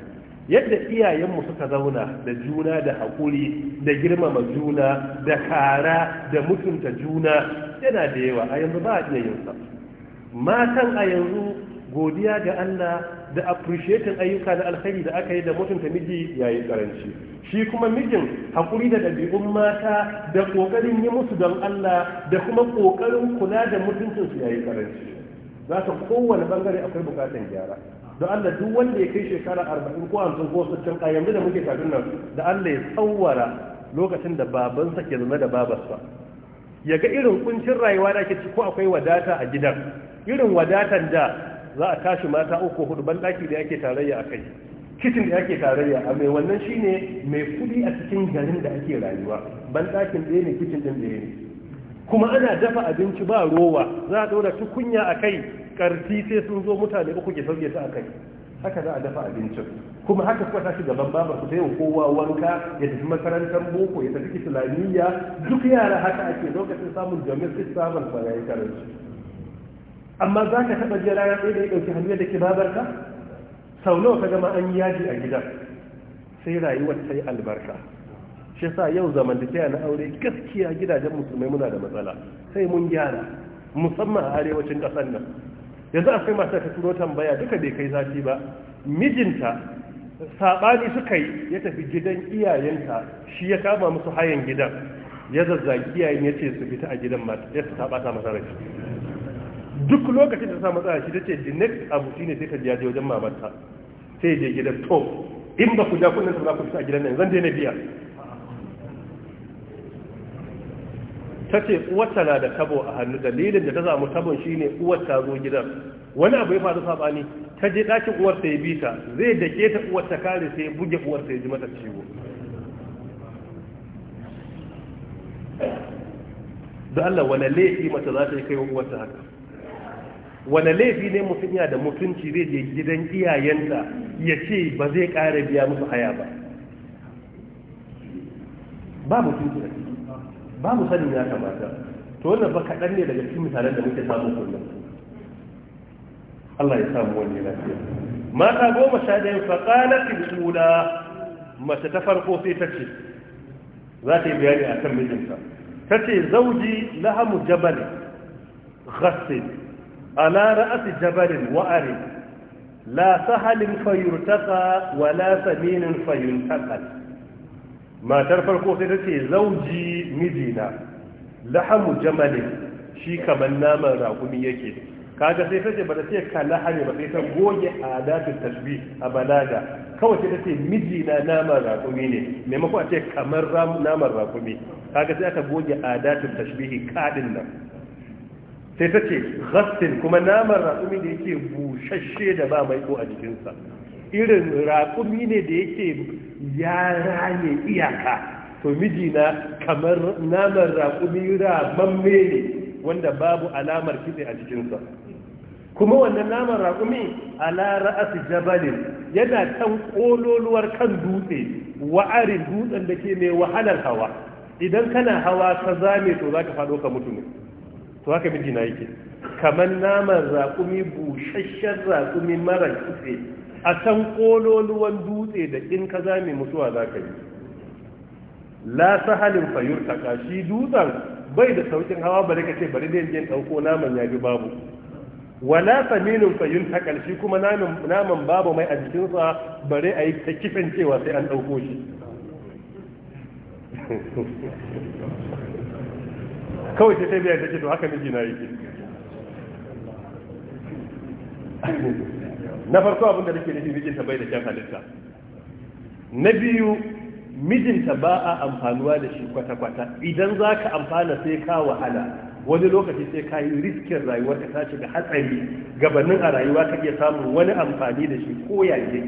yadda iyayenmu suka zauna da juna da haƙuri da girmama juna da kara da mutunta juna yana da yawa a yanzu ba a iya sa matan a yanzu godiya ga Allah da appreciating ayyuka na alkhairi da aka yi da mutunta miji yayi karanci shi kuma mijin hakuri da ɗabi'un mata da ƙoƙarin yi musu don Allah da kuma ƙoƙarin kula da mutuncinsu su yayi karanci za ka kowane bangare akwai bukatun gyara don Allah duk wanda ya kai shekara arba'in ko hamsin ko sittin a yanzu da muke kafin nan da Allah ya tsawwara lokacin da babansa ke zaune da babarsa ya ga irin kuncin rayuwa da ke ci ko akwai wadata a gidan irin wadatan da za a tashi mata uku hudu ban daki da yake tarayya akai kicin da yake tarayya a mai wannan shine mai kudi a cikin garin da ake rayuwa ban dakin ɗaya ne kicin din ɗaya ne kuma ana dafa abinci ba rowa za a ɗora tukunya a kai ƙarfi sai sun zo mutane uku ke sauke su a kai haka za a dafa abincin kuma haka kuka tashi gaban babar ku sai kowa wanka ya tafi makarantar boko ya tafi islamiyya duk yara haka ake lokacin samun jami'ar samun ba ya yi karanci amma za ka taɓa jin rana ɗaya da ya ɗauki hannu da ke babarka sau nawa ka gama an yi yaji a gida sai rayuwar ta albarka shi sa yau zamantakewa na aure gaskiya gidajen musulmai muna da matsala sai mun gyara musamman a arewacin ƙasar nan yanzu kai masu turo tambaya duka bai kai zafi ba mijinta saɓani suka yi ya tafi gidan iyayenta shi ya kama musu hayan gidan ya zazzagi iyayen ya ce su fita a gidan mata ya su saɓata masa rashi. duk lokacin da ta samu matsala shi ta ce the next abu shi ne sai ta biya wajen mamarta sai je gidan to in ba ku ja kuɗin za ku fita a gidan nan zan daina biya ta ce uwarta na da tabo a hannu dalilin da ta samu tabon ne uwar ta zo gidan wani abu ya faru sabani ta je ɗakin uwarta ya bi ta zai dake ta uwar kare sai buge uwar ya ji mata ciwo da Allah wani laifi mace za ta yi kai uwar ta haka wane laifi ne mutum yana da mutunci zai je gidan iyayenta ya ce ba zai ƙara biya musu haya ba ba mutunci da ba mu sani ya kamata to wannan ba kaɗan ne daga cikin misalan da muke samun kullum Allah ya samu wani lafiya mata goma sha ɗaya fi tilsula mace ta farko sai ta ce za ta yi bayani a kan mijinta ta ce zauji lahamu jabal ghassin ala ra'asi jabalin wa'ari la sahalin fayurtaka wa la saminin fayuntaka matar farko sai ta ce zauji mijina lahamu jamalin shi kamar naman rakumi yake kaga sai ta ce ba ta ce ka lahani ba sai ta goge adatin tasbih a balaga kawai sai ta ce mijina naman rakumi ne maimakon a ce kamar naman rakumi kaga sai aka goge adatin tasbihi kadin nan sai ta ce ghassin kuma naman raƙumi da yake bushashe da ba maiko a jikinsa irin raƙumi ne da yake ya raye iyaka to mijina kamar naman raƙumi ramamme ne wanda babu alamar kitse a jikinsa kuma wannan naman raƙumi a ra'asi jabalin yana kan ƙololuwar kan dutse wa'arin dutsen da ke mai wahalar hawa idan kana hawa ka zame to za ka faɗo ka mutu ne to haka na yake kamar naman raƙumi busasshen raƙumi mara kitse a can ƙololuwan dutse da in ka zame mutuwa za ka yi la sahalin fayur ta shi dutsen bai da saukin hawa bari ka ce bari dai yin ɗauko naman ya bi babu wala saminin fayun ta kuma naman babu mai a jikinsa bari a yi ta kifin cewa sai an ɗauko shi kawai sai ta biya take to haka miji na yake na farko abin nake nufi mijinta bai da kyan halitta na biyu mijinta ba a amfanuwa da shi kwata-kwata idan za ka amfana sai ka wahala wani lokaci sai ka yi riskin rayuwar ka tashi da hatsari gabanin a rayuwa ka iya samun wani amfani da shi ko yayi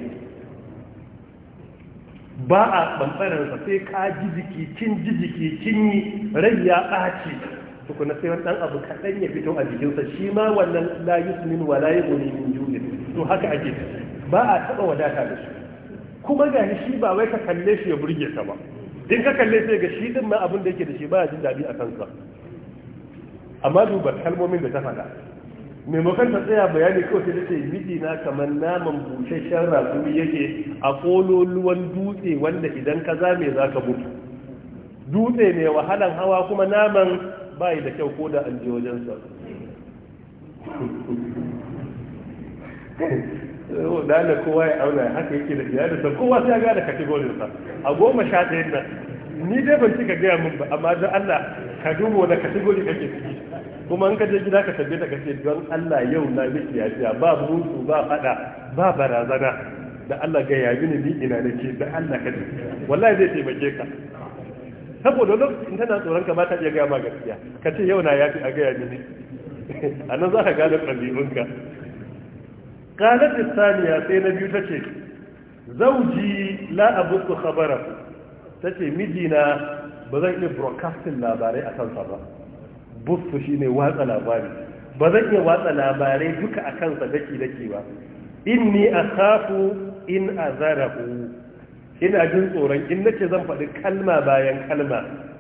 ba a ɓanɓararsa sai ka ji jiki kin ji jiki yi rai ya ɓaci tukuna sai wani ɗan abu kaɗan ya fito a jikinsa shi ma wannan la yusmin wa layi guni min ju'in to haka ake ba a taɓa wadata da shi kuma ga shi ba wai ka kalle shi ya burge ka ba in ka kalle sai ga shi din ma abin da yake da shi ba a jin daɗi a kansa amma duba kalmomin da ta faɗa maimakon ta tsaya bayani kawai sai dace miji na kamar naman busasshen rakumi yake a kololuwan dutse wanda idan ka zame za ka mutu dutse mai wahalan hawa kuma naman bayi da kyau ko da an je wajensa da da kowa ya auna haka yake da iyalinsa kowa sai ya gane sa a goma sha ɗaya nan ni dai ban cika gaya min ba amma don allah ka duba wani kategori kake ciki kuma in ka je gida ka tabbe ta kace don Allah yau na miki yafiya ba mutu ba fada ba barazana da Allah ga yabi ne ni ina nake da Allah ka wallahi zai taimake ka saboda lokacin tana tsoron ka ba ta iya ga ma gaskiya ka ce yau na yafi a gaya mini a nan za ka gane ka. kanar istaniya sai na biyu ta ce zauji la'abutu khabara ta ce mijina ba zan iya broadcasting labarai a kansa ba busu shine watsa labari ba zan iya watsa labarai duka a kansa daki daki ba inni akhafu in azarahu ina jin tsoron in nace zan faɗi kalma bayan kalma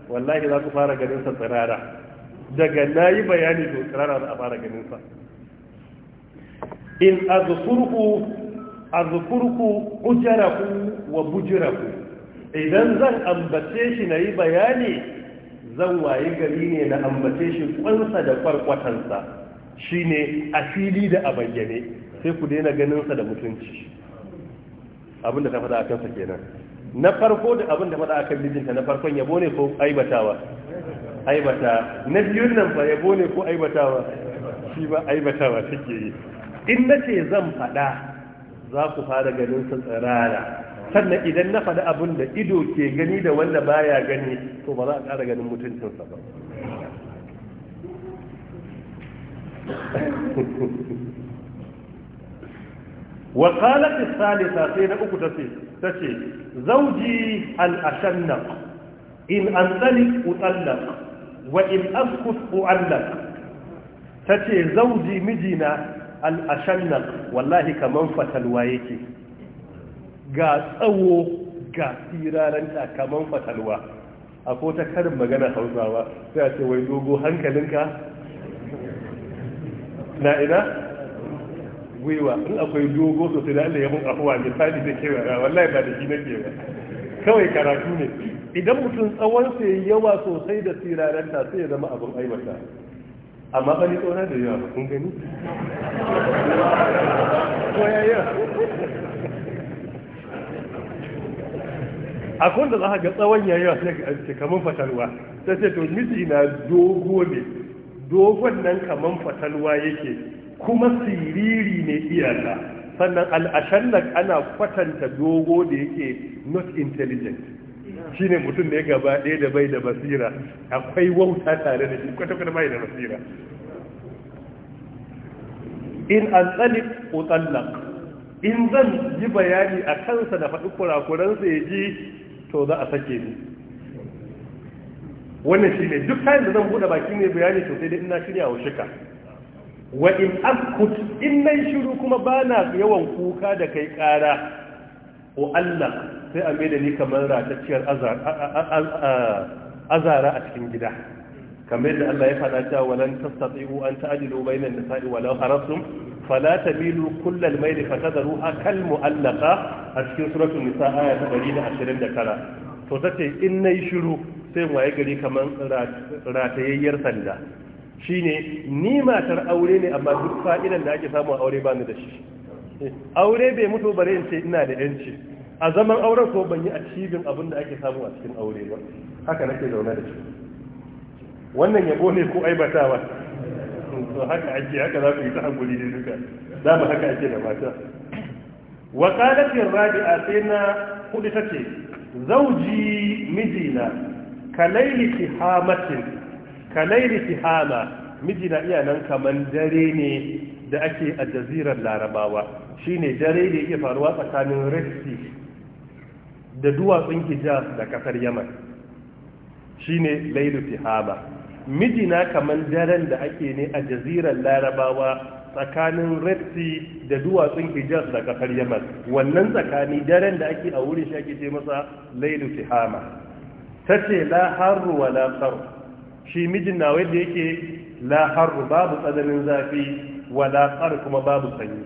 wallahi za ku fara ganin sa tsirara daga nayi bayani to tsirara za a fara ganin sa in azkurku azkurku ujaraku wa bujraku idan zan ambace shi na yi bayani zan wayi gari ne na ambace shi kwansa da kwarkwatansa shine a fili da a bayyane sai ku daina ganinsa da mutunci abin da ta faɗa a kansa kenan na farko da abin da faɗa a kan bijinta na farkon yabo ne ko aibatawa aibata na biyun nan fa yabo ne ko aibatawa shi ba aibatawa take yi in na ce zan faɗa za ku fara ganin sa tsirara sannan idan na faɗi abin da ido ke gani da wanda baya gani to ba za a ƙara ganin mutuncinsa ba wa qalat as-salisa sai na uku tace tace zawji al-ashannaq in antalik utallaq wa in askus uallaq tace zawji mijina al-ashannaq wallahi kaman fatalwa yake ga tsawo ga tsiraran takaman fatalwa a ko ta karin magana hausawa sai a ce wai dogo hankalinka na ina gwiwa in akwai dogo sosai da Allah ya mun afuwa misali da kewa wallahi ba da shi na kewa. kawai karatu ne idan mutum tsawon sai yi yawa sosai da siraran ta sai ya zama abin aibata amma ba ni tsona da yawa kun gani ko yayya akwai da za ga tsawon yayi wasu daga arziki kamar fatalwa ta ce to miji na dogo ne dogon nan kamar fatalwa yake kuma siriri ne iyaka sannan al'ashallak ana kwatanta dogo da yake not intelligent shine mutum da ya gaba ɗaya da bai da basira akwai wauta tare da shi kwata-kwata bai da basira in an tsalik utallak in zan yi bayani a kansa da faɗi kurakuransa ya ji to za a sake ni wannan shi ne duk kayan da zan buɗe baki ne bayani to sai dai ina shirya wa shika wa in askut in nan shiru kuma ba na yawan kuka da kai ƙara o Allah sai a mai da ni kamar ratacciyar azara a cikin gida kamar yadda Allah ya faɗa cewa walan tastati'u an ta'dilu bainan nisa'i walau haratum fala tabilu kullal mayl fatadruha kal mu'allaqa a cikin suratul nisa aya ta 129 to tace in nayi shiru sai waye gari kaman ratayayyar sanda shine ni matar aure ne amma duk fa'idan da ake samu a aure ba ni da shi aure bai mutu bare in ce ina da yanci a zaman auren ko ban yi a cibin abin da ake samu a cikin aure ba haka nake zaune da shi wannan yabo ne ko aibatawa to haka ake haka za ku yi ta hankuli ne duka za mu haka ake da mata wa qalatin rabi'a sai na hudu tace zauji mijina kalaili tihamatin kalaili tihama mijina iya nan kaman dare ne da ake a jazirar larabawa shine dare da yake faruwa tsakanin red da duwatsun hijaz da kasar yaman shine lailu tihama mijina kamar daren da ake ne a jaziran larabawa tsakanin red sea da duwatsun hijaz da kafar yaman wannan tsakani daren da ake a wurin shi ce masa lailu tihama ta ce la harru wa la tsar shi mijin na wanda yake la harru babu tsananin zafi wa la tsar kuma babu sanyi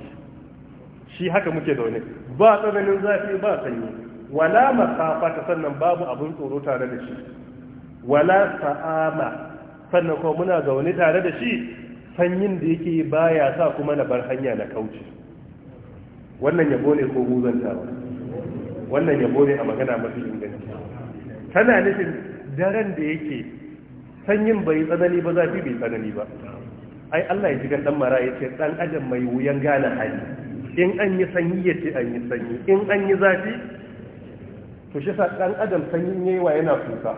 shi haka muke da wani. ba tsananin zafi ba sanyi wala masafa ta sannan babu abin tsoro tare da shi wala sa'ama sannan kuma muna zaune tare da shi sanyin da yake baya sa kuma na bar hanya na kauce wannan yabo ne ko huzantawa wannan yabo ne a magana mafi inganci tana nufin daren da yake sanyin bai tsanani ba zafi bai tsanani ba ai Allah ya ji gan dan mara ya ce dan adam mai wuyan gane hali in an yi sanyi ya ce an yi sanyi in an yi zafi to shi sa dan adam sanyin yayi wa yana kuka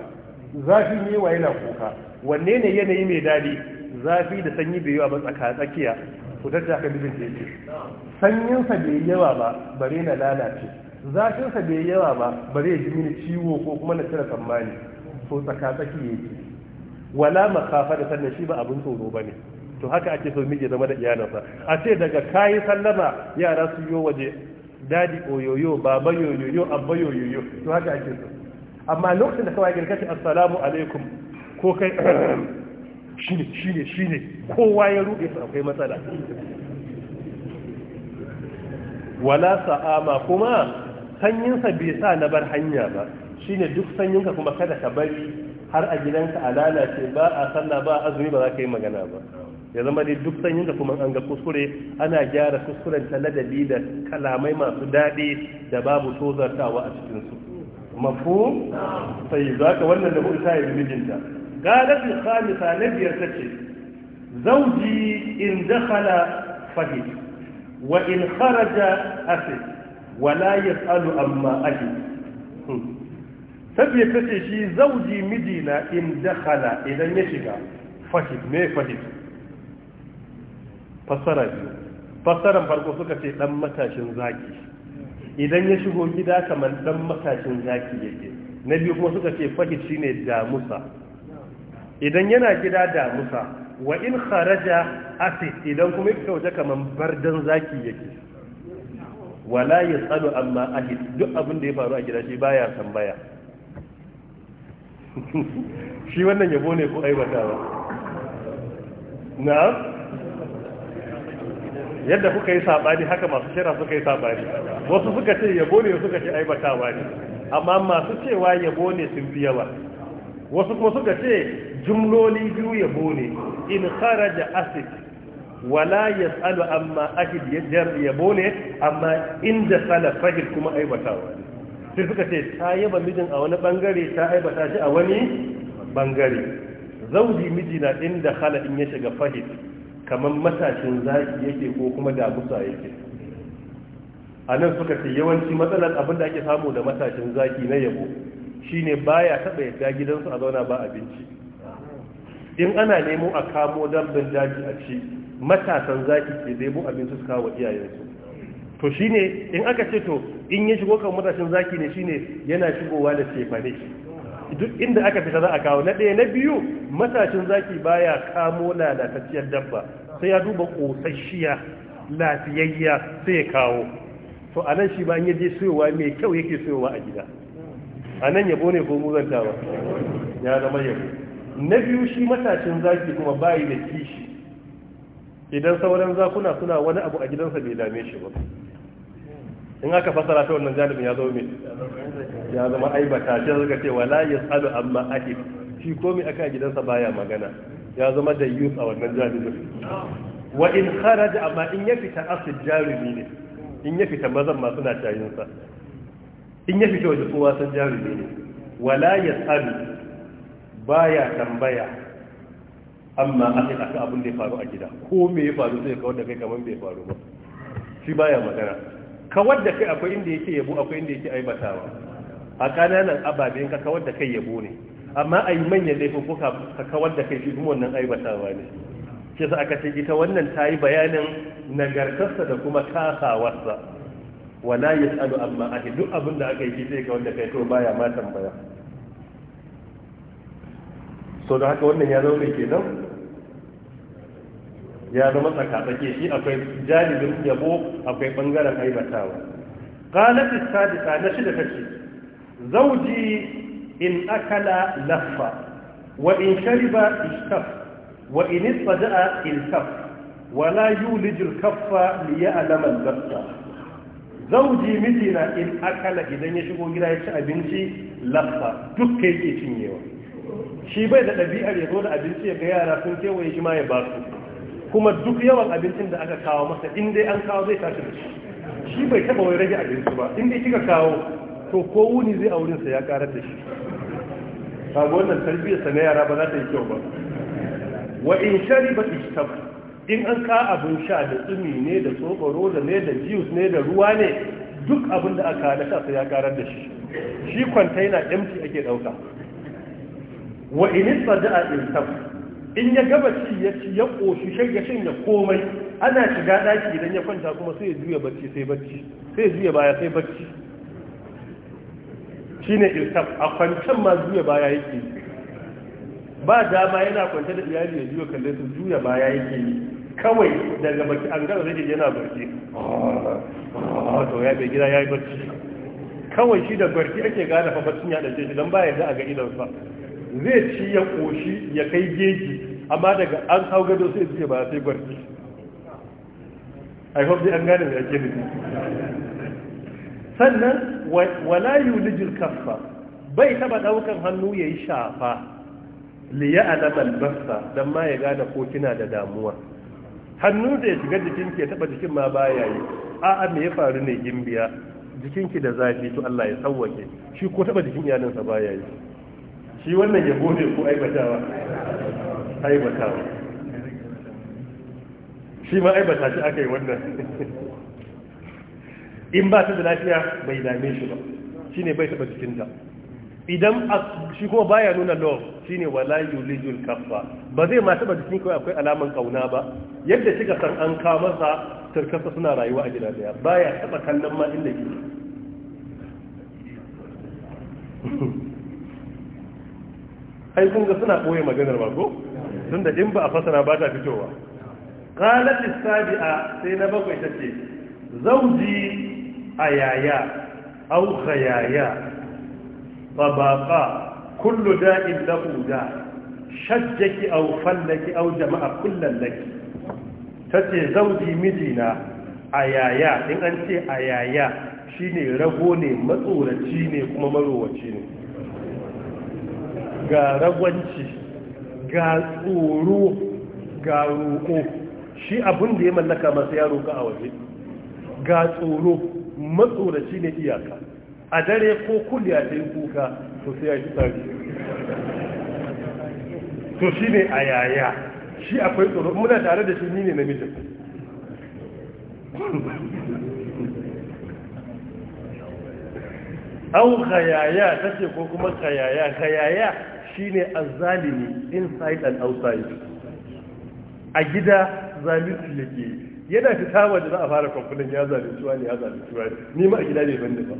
zafi yayi wa yana kuka wanne ne yanayi mai dadi zafi da sanyi bai yawa ba tsakiya ku da aka bibin da yake sanyinsa bai yawa ba bare na lalace zafinsa bai yawa ba bare ya ji mini ciwo ko kuma na cire tsammani So tsaka tsaki yake wala makafa da sannan shi ba abin tsoro ba ne to haka ake so miji zama da iyalansa a ce daga kayi sallama yara su yo waje dadi oyoyo baba yoyoyo abba yoyoyo to haka ake so amma lokacin da kawai girka assalamu alaikum ko kai shine shine shine kowa ya ruɗe su akwai matsala wala sa'ama kuma sanyinsa bai sa na bar hanya ba shine duk sanyinka kuma kada ka bari har a gidanka a lalace ba a sallah ba azumi ba za ka yi magana ba ya zama dai duk sanyinka kuma an ga kuskure ana gyara kuskuren ta ladabi da kalamai masu daɗi da babu tozartawa a cikinsu mafu sai za ka wannan da hulta yi mijinta قالت الخامسة نبي zauji زوجي إن fahim wa in خرج أفد wa يسأل أما amma hmm. tafiye ta ce shi zauji mijina in dakhala idan ya shiga fahim me fahim fassara biyu fassaran farko suka ce dan matashin zaki idan ya shigo gida kamar dan matashin zaki yake na biyu kuma suka ce fahim shine damusa idan yana gida damusa wa in kharaja asi idan kuma yake waje kaman bardan zaki yake wala yasalu amma ahid duk abin da ya faru a gida shi baya tambaya shi wannan yabo ne ko ba. na'am yadda kuka yi sabani haka masu kira suka yi sabani wasu suka ce yabo ne suka ce aibatawa ne amma masu cewa yabo ne sun fi yawa wasu kuma suka ce jumloli biyu yabo ne in kharaja asif wala yas'alu amma ahid yabo ne amma inda sala fahil kuma aibatawa sai suka ce ta yaba mijin a wani bangare ta aibata shi a wani bangare zauji miji na inda khala in ya shiga fahid kamar matashin zaki yake ko kuma damusa yake a nan suka ce yawanci matsalar abin da ake samu da matashin zaki na yabo shine baya taba yadda gidansu a zauna ba abinci in ana nemo a kamo dabbin daji a ce matasan zaki ke debo abin su kawo iyayensu to shine in aka ce to in ya shigo kan matashin zaki ne shine yana shigowa da cefane duk inda aka fita za a kawo na ɗaya na biyu matashin zaki baya kamo lalatacciyar dabba sai ya duba ƙosasshiya lafiyayya sai ya kawo to a nan shi ba in yaje soyowa mai kyau yake soyowa a gida a nan yabo ne ko muzantawa ya zama yabo na biyu shi matashin zaki kuma bayi da kishi idan sauran zakuna suna wani abu a gidansa bai dame shi ba in aka fasara ta wannan janibin ya zama mai ya zama aibata shi zaka ce wala yasalu amma ake. shi komai aka gidansa baya magana ya zama da yus a wannan janibin wa in kharaja amma in ya fita asir jarumi ne in ya fita mazan ma suna tayinsa in ya fita waje kowa san jarumi ne wala yasalu baya tambaya amma aka aka abin da ya faru a gida ko me ya faru sai kawar da kai kamar bai faru ba shi baya magana kawar da kai akwai inda yake yabo akwai inda yake aibatawa a kananan ababen ka kawar da kai yabo ne amma a yi manyan ko ka kawar da kai shi kuma wannan aibatawa ne shi sa aka ce ita wannan ta yi bayanin nagartarsa da kuma kasawarsa wala yas'alu amma ahli duk abin da aka yi sai kawar da kai to baya ma tambaya so da haka wannan ya zama mai kenan ya zama tsakatsake shi akwai jalibin yabo akwai bangaren aibatawa qalat as-sadisa na shida kace zauji in akala laffa wa in shariba ishtaf wa in istada'a iltaf wa la yulij kaffa li ya'lam al-laffa zawji mijina in akala idan ya shigo gida ya ci abinci laffa duk kai ke cinyewa shi bai da ɗabi'ar ya zo da abinci ya ga yara sun kewaye shi ma ya ba su kuma duk yawan abincin da aka kawo masa in dai an kawo zai tashi da shi shi bai taba wai rage abinci ba in dai kika kawo to ko wuni zai aurin sa ya ƙarar da shi ba wannan tarbiyyar sa na yara ba za ta yi kyau ba wa in shariba ishtab in an ka abin sha da tsumi ne da tsokoro da ne da juice ne da ruwa ne duk abin da aka haɗa sa ya ƙarar da shi shi kwantaina empty ake ɗauka. wa in sada'a in tab in ya gaba ci ya ci ya koshi shirya ya komai ana shiga daki idan ya kwanta kuma sai ya juya bacci sai bacci sai juya baya sai bacci shine irtab a kwancan ma juya baya yake ba dama yana kwanta da iyali ya juya kalle su juya baya yake yi kawai daga baki an gara rage yana barci ah, ah, to ya bai gida ya yi barci kawai shi da barci ake gane fa barcin ya dace shi don baya za a ga sa zai ci ya koshi ya kai geji amma daga an hau gado sai ce ba sai barci i hope dai an gane da yake nufi sannan wala yulijil kaffa bai taba daukan hannu yayi shafa Liya a al-basta dan ma ya gane ko kina da damuwa hannu da ya shiga jikin ke taba jikin ma baya yi a'a me ya faru ne gimbiya jikinki da zafi to Allah ya sauwake shi ko taba jikin yanansa baya yi shi wannan yabo ne ko aibatawa aibatawa shi ma aibata shi aka yi wannan in ba ta da lafiya bai dame shi ba shi ne bai taɓa jikinta idan shi kuma baya nuna law shi ne wala yulijul kaffa ba zai ma taba jikin kawai akwai alaman ƙauna ba yadda ka san an kawo masa turkasa suna rayuwa a gida daya baya taɓa kallon ma inda ke ai sun ga suna ɓoye maganar ba ko tunda in ba a fasara ba ta fitowa Ranar lissafi a sai na bakwai tace zauji ayaya aw khayaya babaka, kullu da'in lahu da shajjaki aw fallaki aw jama'a kullan laki tace zauji mijina ayaya in an ce ayaya shine rago ne matsoraci ne kuma marowaci ne ga ragwanci ga tsoro ga roƙo shi abin da ya mallaka masu ya roƙa a waje ga tsoro matsoraci ne iyaka a dare ko kuliya ta yi kuka to sai ya yi tsari to shi ne a yaya shi akwai tsoro muna tare da shi ni ne namijin kayaya ta ce ko kuma kayaya, kayaya. shine azzalimi inside and outside a gida zalunci yake yana fita waje za a fara kwamfunan ya zalunci wani ya zalunci wani ni ma a gida ne ban ba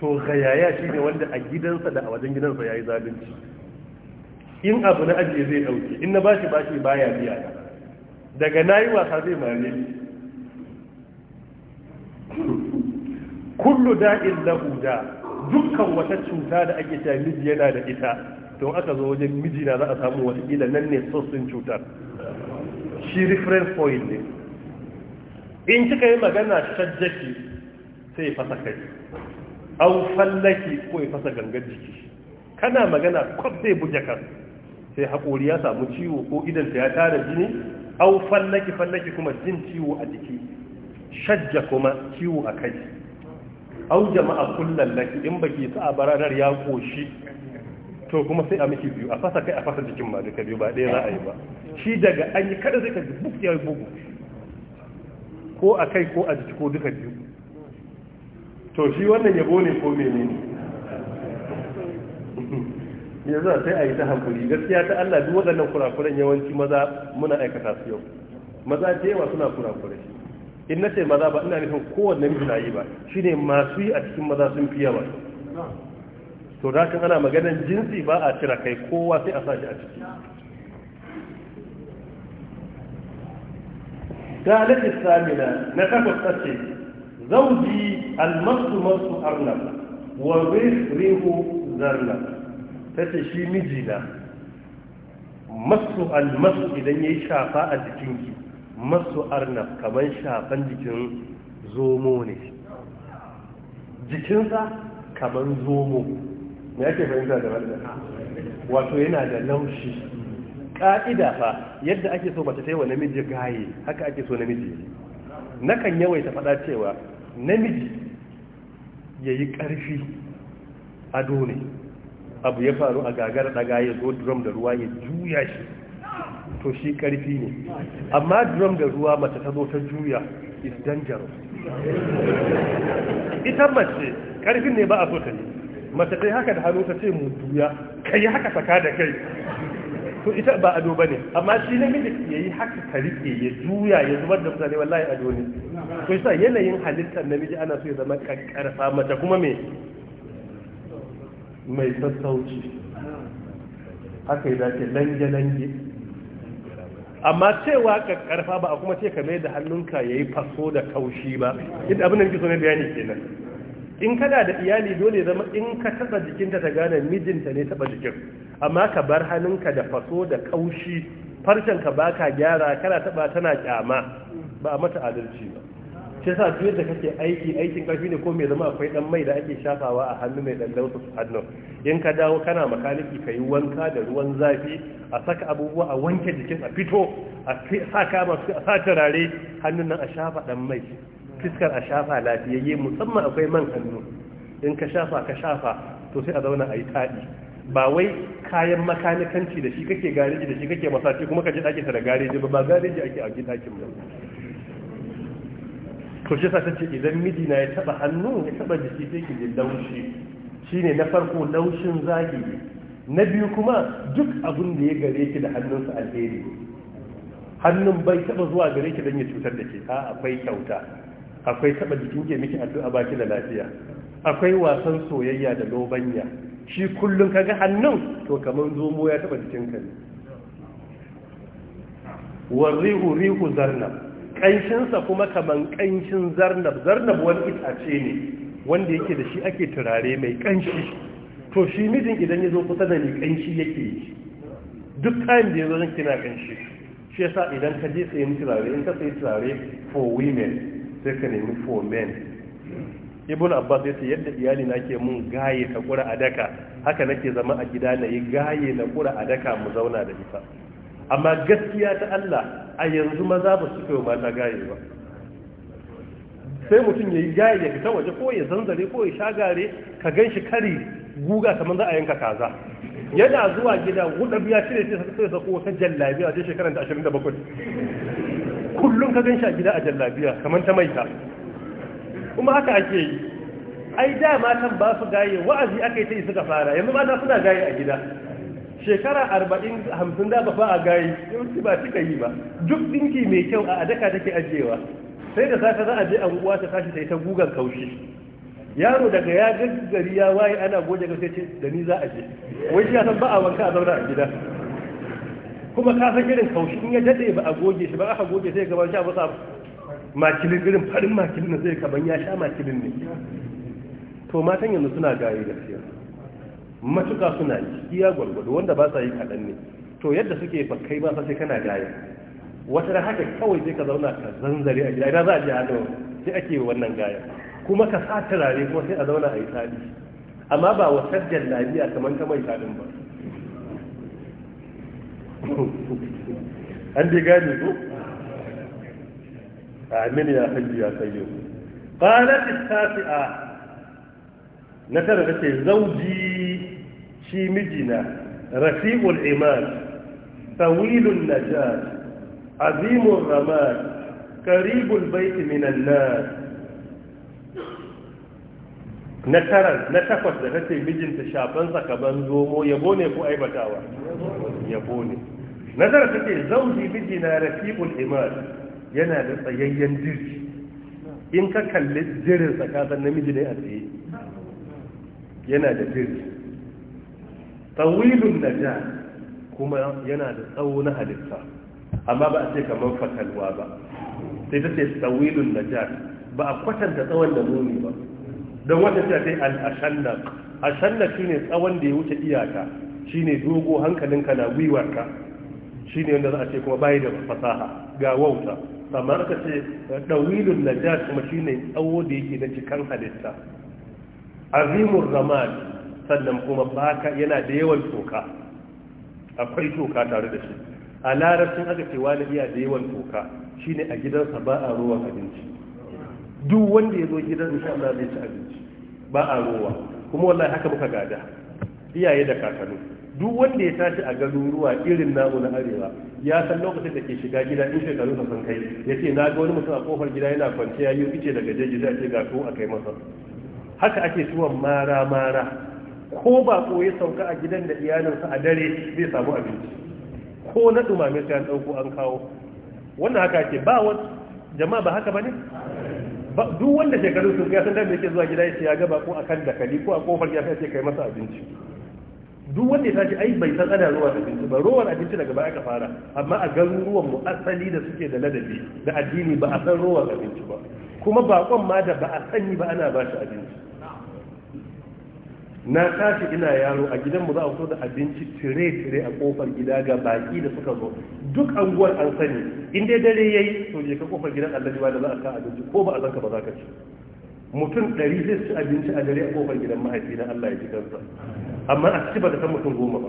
to gayaya ne wanda a gidansa da a wajen gidansa ya yi zalunci in abu na ajiye zai dauke in na bashi bashi baya biya daga na yi wasa zai mare kullu da'in lahu da dukkan wata cuta da ake cewa yana da ita To aka zo wajen mijina za a samu watakila nan ne sosin cutar shi reference point ne in kika yi magana shajjaki sai fasa kai an fallaki ko ya fasa gangan jiki kana magana kwab zai buge kan sai haƙori ya samu ciwo ko idan ta ya tara jini an fallaki fallaki kuma jin ciwo a jiki shajja kuma ciwo a kai au jama'a kullallaki in baki sa a bararar ya koshi to kuma sai a miki biyu a fasa kai a fasa jikin ma duka biyu ba ɗaya za a yi ba shi daga an yi kada zai ka buk yawai bugu ko a kai ko a jiki ko duka biyu to shi wannan yabo ne ko mene ne yanzu sai a yi ta hankali gaskiya ta Allah duk waɗannan kurakuran yawanci maza muna aikata su yau maza da yawa suna kurakure in na ce maza ba ina nufin kowanne miji na yi ba shine masu yi a cikin maza sun fi yawa to da kan ana maganar jinsi ba a cira kai kowa sai a sa shi a ciki Da dalit islamina na takwas tace zauji almasu masu arnab wa rihu Ta ce shi mijina masu almasu idan ya yi shafa a jikinki masu arna kamar shafan jikin zomo ne jikinsa kamar zomo me ake fahimta da wannan wato yana da laushi ka'ida fa yadda ake so mace ta yi wa namiji gaye haka ake so namiji nakan yawaita faɗa cewa namiji ya yi ƙarfi a dole. abu ya faru a gagar daga ya zo drum da ruwa ya juya shi to shi ƙarfi ne amma drum da ruwa mace ta zo ta juya is dangerous ita mace ƙarfin ne ba a so ta yi Mata ta yi haka da hannu ta ce mu duya ka yi haka saka da kai to ita ba ado ba ne amma shi namiji ya yi haka ka rike ya juya ya zubar da mutane wallahi ado ne to sai yanayin halittar namiji ana so ya zama karfa mace kuma me mai sassauci haka ya dace lange lange amma cewa karfa ba a kuma ce ka mai da hannunka ya yi faso da kaushi ba yadda abin da nake so ne bayani kenan in kana da iyali dole zama in ka taba jikinta ta gane mijinta ne taba jikin amma ka bar hannunka da faso da kaushi farcen ka baka gyara kana taba tana kyama ba a mata adalci ba shi yasa duk da kake aiki aikin karfi ne ko me zama akwai dan mai da ake shafawa a hannu mai dan dausa hannu. in ka dawo kana makaniki ka yi wanka da ruwan zafi a saka abubuwa a wanke jikin a fito a sa kama a sa turare hannun nan a shafa dan mai fiskar a shafa lafiyayye musamman akwai man hannu in ka shafa ka shafa to sai a zauna a yi taɗi ba wai kayan makanikanci da shi kake gareji da shi kake masashi kuma ka ji ɗakinsa da gareji ba ba gareji ake a gida ɗakin ba to shi sa ce idan miji na ya taɓa hannu ya taɓa jiki sai ki ji laushi shine na farko laushin zagi na biyu kuma duk abin da ya gare ki da hannunsa alheri hannun bai taɓa zuwa gare ki don ya cutar da ke a akwai kyauta akwai taba jikin ke miki addu'a baki da lafiya akwai wasan soyayya da lobanya shi kullum kaga hannun to kamar zomo ya taba jikin ka ne warrihu rihu zarnab kanshinsa kuma kaman kanshin zarnab zarnab wani itace ne wanda yake da shi ake turare mai kanshi to shi mijin idan ya zo kusa da ni kanshi yake yi duk kayan da ya zo zan kina kanshi shi yasa idan ka je sayan turare in ka sayi turare for women sai ka nemi for ibn abbas ya ce yadda iyali na ke mun gaye ka kura a daka haka nake zama a gida na yi gaye na kura a daka mu zauna da ita amma gaskiya ta allah a yanzu maza ba su kai mata gaye ba sai mutum ya yi gaye ya fita waje ko ya zanzare ko ya shagare ka gan shi kari guga kamar za a yanka kaza yana zuwa gida wuɗa biya shi ne sai sa ko ta jallabi a shekaran ta 27 kullum ka gan shi a gida a jallabiya kamar ta maita kuma haka ake yi ai da matan ba su gaye wa'azi aka yi ta yi suka fara yanzu mata suna gaye a gida shekara arba'in hamsin da ba a gaye yawanci ba cika yi ba duk dinki mai kyau a adaka take ajiyewa sai da safe za a je anguwa ta tashi ta yi ta gugan kaushi yaro daga ya gari ya waye ana goje ga sai ce da ni za a je wai shi ya san ba a wanka a zauna a gida kuma ka san irin kaushi in ya dade ba a goge shi ba aka goge sai gaban sha masa makilin irin farin makilin na zai kaban ya sha makilin ne to matan yanzu suna gaye gaskiya matuka suna yi iya gwalgwado wanda ba sa yi kaɗan ne to yadda suke ba kai ba sai kana gaye wata da haka kawai sai ka zauna ka zanzare a gida idan za a je hannu sai ake wannan gaya kuma ka sa turare kuma sai a zauna a yi tsari amma ba wata jallabiya kamar ta mai tsarin ba عندي قالي ذو أعمل يا حبي يا سيد قالت الساسئة نترى غسي زوجي شي مجنة رسيب العماد طويل النجاة عظيم الرماد قريب البيت من الناس na taran na takwas da kace mijinta shafan sakaban zomo yabo ne ko aibatawa yabo ne na take zauji na rafiqul imad yana da tsayayyen dirji in ka kalli jirin san namiji ne a tsaye yana da jirgi. tawilun naja kuma yana da tsawo na halitta amma ba a ce kamar fatalwa ba sai ta ce tawilun naja ba a kwatanta tsawon da muni ba don wata ce ta al-ashallaq shi ne tsawon da ya wuce iyaka ne dogo hankalinka na gwiwarka ne wanda za a ce kuma bayi da fasaha ga wauta amma aka ce eh, na najat kuma ne tsawo da yake na cikan halitta azimur ramad sannan kuma baka yana da yawan toka akwai toka tare da shi a larabcin aka ce wani iya da yawan toka shi ne a gidansa ba a ruwan abinci duk wanda ya zo gidan insha Allah zai ci abinci ba a ruwa kuma wallahi haka muka gada iyaye da kakanni duk wanda ya tashi a garuruwa irin namu na arewa ya san lokacin da ke shiga gida in shekaru sa kai ya ce na ga wani mutum a kofar gida yana kwanciya yi ice daga jeji zai ce ga ko a kai masa haka ake tuwon mara mara ko ba ko ya sauka a gidan da iyalinsa a dare zai samu abinci ko na dumame sai an dauko an kawo wannan haka ake ba wani jama'a ba haka bane duk wanda shekarun sun ya san da yake zuwa gida ya ko ko akan dakali ko a kofar ya sai kai masa abinci duk wanda ya tashi ai bai san ana ruwa abinci ba ruwan abinci daga baya aka fara amma a garuruwan mu asali da suke da ladabi da addini ba a san ruwan abinci ba kuma bakon ma da ba a sani ba ana ba shi abinci na tashi ina yaro a gidanmu za a fito da abinci tire-tire a kofar gida ga baki da suka zo duk anguwar an sani in dai dare yayi to je ka kofar gidan Allah da za a ka abinci ko ba a zanka ba za ka ci mutum ɗari zai ci abinci a dare a kofar gidan mahaifi na Allah ya ji kansa amma a ci ba da san mutum goma ba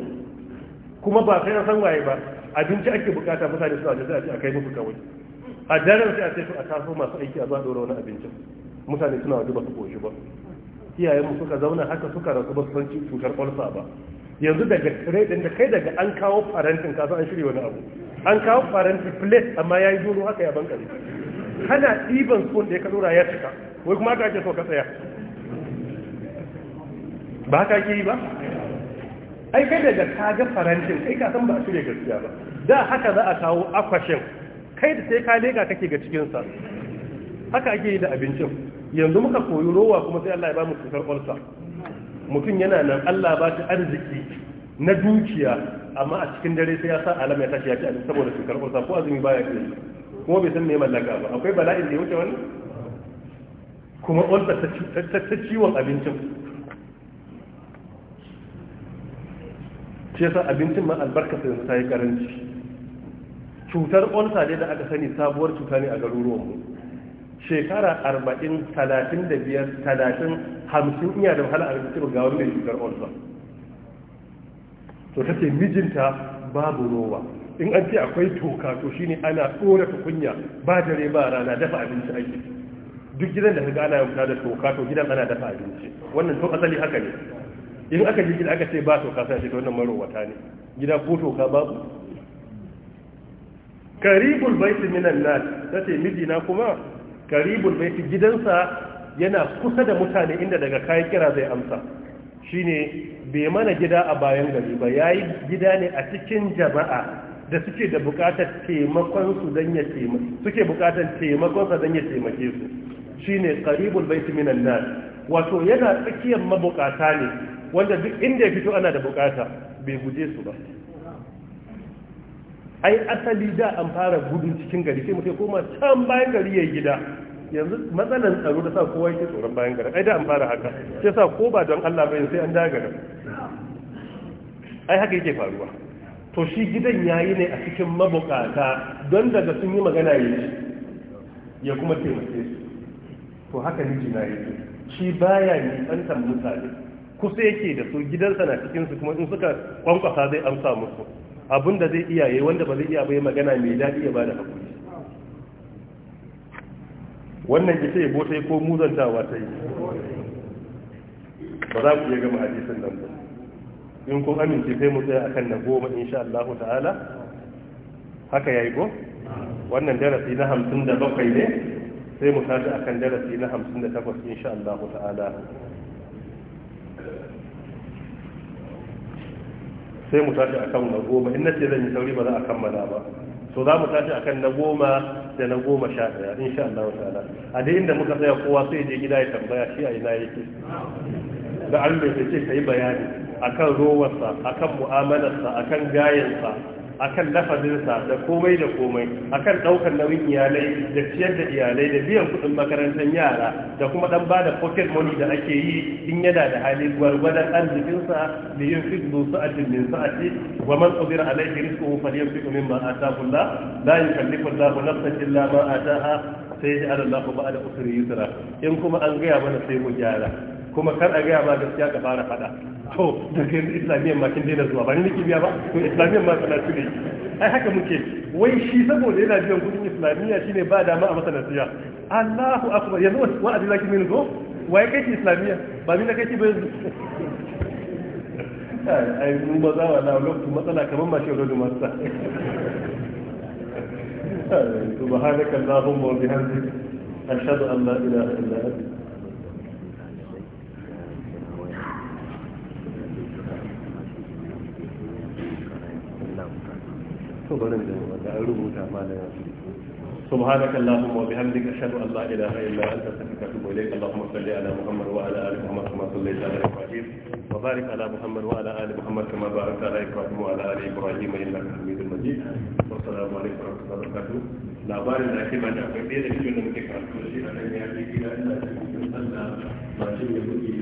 kuma ba kai san waye ba abinci ake bukata mutane suna a sai a kai musu kawai a daren sai a ce a taso masu aiki a zuwa ɗora wani abincin mutane suna wajen ba su koshi ba iyayenmu suka zauna haka suka rasu ba san cutar kwalsa ba yanzu daga kredin da kai daga an kawo farantin kasu an shirya wani abu an kawo faranti plate amma ya yi doro haka ya kare kana ɗiban spoon da ya kadura ya cika wai kuma haka ake so ka tsaya ba haka ake yi ba ai kai daga ka ga farantin kai ka san ba a shirya gaskiya ba da haka za a kawo akwashin kai da sai ka lega kake ga cikinsa haka ake yi da abincin yanzu muka koyi rowa kuma sai Allah ya ba mu cutar ulsa mutum yana nan Allah ba ta arziki na dukiya amma a cikin dare sai ya sa alama ya tashi ya ci abinci saboda cutar ulsa ko azumi baya ke kuma bai san me mallaka ba akwai bala'in da ya wuce wani. kuma ulsa ta ciwon abincin shi yasa abincin ma albarka sai ta yi karanci cutar ulsa dai da aka sani sabuwar cuta ne a garuruwanmu shekara arba'in talatin da biyar talatin hamsin iya da wahala a rikicin ga wani mai shigar olsa to ta ce mijinta babu rowa in an ce akwai toka to shi ne ana ɗora tukunya ba dare ba rana dafa abinci ake duk gidan da ka gana yau da toka to gidan ana dafa abinci wannan to asali haka ne in aka ji gida aka ce ba toka sai ce wannan marowata ne gida ko toka babu karibul baiti minan nas ce mijina kuma mai fi gidansa yana kusa da mutane inda daga kayan kira zai amsa shine bai mana gida a bayan gari ba Ya yi gida ne a cikin jama'a da suke da bukatar taimakonsu don ya taimake suke bukatar taimakonsa don ya taimake su shine qaribul baiti minan nas wato yana tsakiyar mabukata ne wanda duk inda ya fito ana da bukata bai guje su ba ai asali da an fara gudun cikin gari sai mutai koma can bayan gari ya gida yanzu matsalan tsaro da sa kowa yake tsoron bayan gari ai da an fara haka sai sa ko ba don Allah ba sai an daga gari ai haka yake faruwa to shi gidan yayi ne a cikin mabukata don daga sun yi magana yayi ya kuma taimake su to haka ne na yake shi baya nisantar mutane kusa yake da su gidansa na cikin su kuma in suka kwankwasa zai amsa musu abin da zai iya wanda ba zai iya bai magana mai daɗi ya bada haƙuri. wannan ita ya botai ko muzantawa ta yi ba za ku iya gama hadisin nan ba in kun amince sai mu tsaya akan na goma insha Allah ta'ala haka ya yi ko wannan darasi na hamsin da bakwai ne sai mu tashi akan darasi na hamsin da in insha Allah ta'ala sai mu tashi kan na goma in nace zan yi sauri ba za a kammala ba so za mu tashi kan na goma da na goma sha daya insha Allah ta'ala a dai inda muka tsaya kowa sai je gida ya tambaya shi a ina yake da Allah ya ce kai bayani akan rowarsa akan mu'amalarsa akan gayansa akan lafazinsa da komai da komai akan ɗaukar nauyin iyalai da ciyar da iyalai da biyan kuɗin makarantar yara da kuma ɗan ba da pocket money da ake yi in yana da hali gwargwadon arzikinsa da yin fitbo su a jirgin su a ce wa man tsobir alaihi rizqu fa yanfiqu kula da la yukallifu Allahu nafsan illa ma ataaha sai ya ji ba da usri yusra in kuma an gaya mana sai mu gyara kuma kar a gaya ma gaskiya ka fara faɗa to daga islamiyyar ma kin daina zuwa ba ni nake biya ba to islamiyyar ma sana tuni ai haka muke wai shi saboda yana biyan kudin islamiyya shine ba dama a masa nasiya Allahu akbar yanzu wa'azi zaki min go wai kake islamiyya ba ni na ba yanzu ai mun ba za wala lokacin matsala kamar ma shi rodo masa سبحانك اللهم وبحمدك أشهد أن لا إله إلا أنت to bari mu dawo rubuta malam ya fi subhanaka allahumma wa bihamdika ashhadu an la ilaha illa ala muhammad wa ala ali muhammad kama a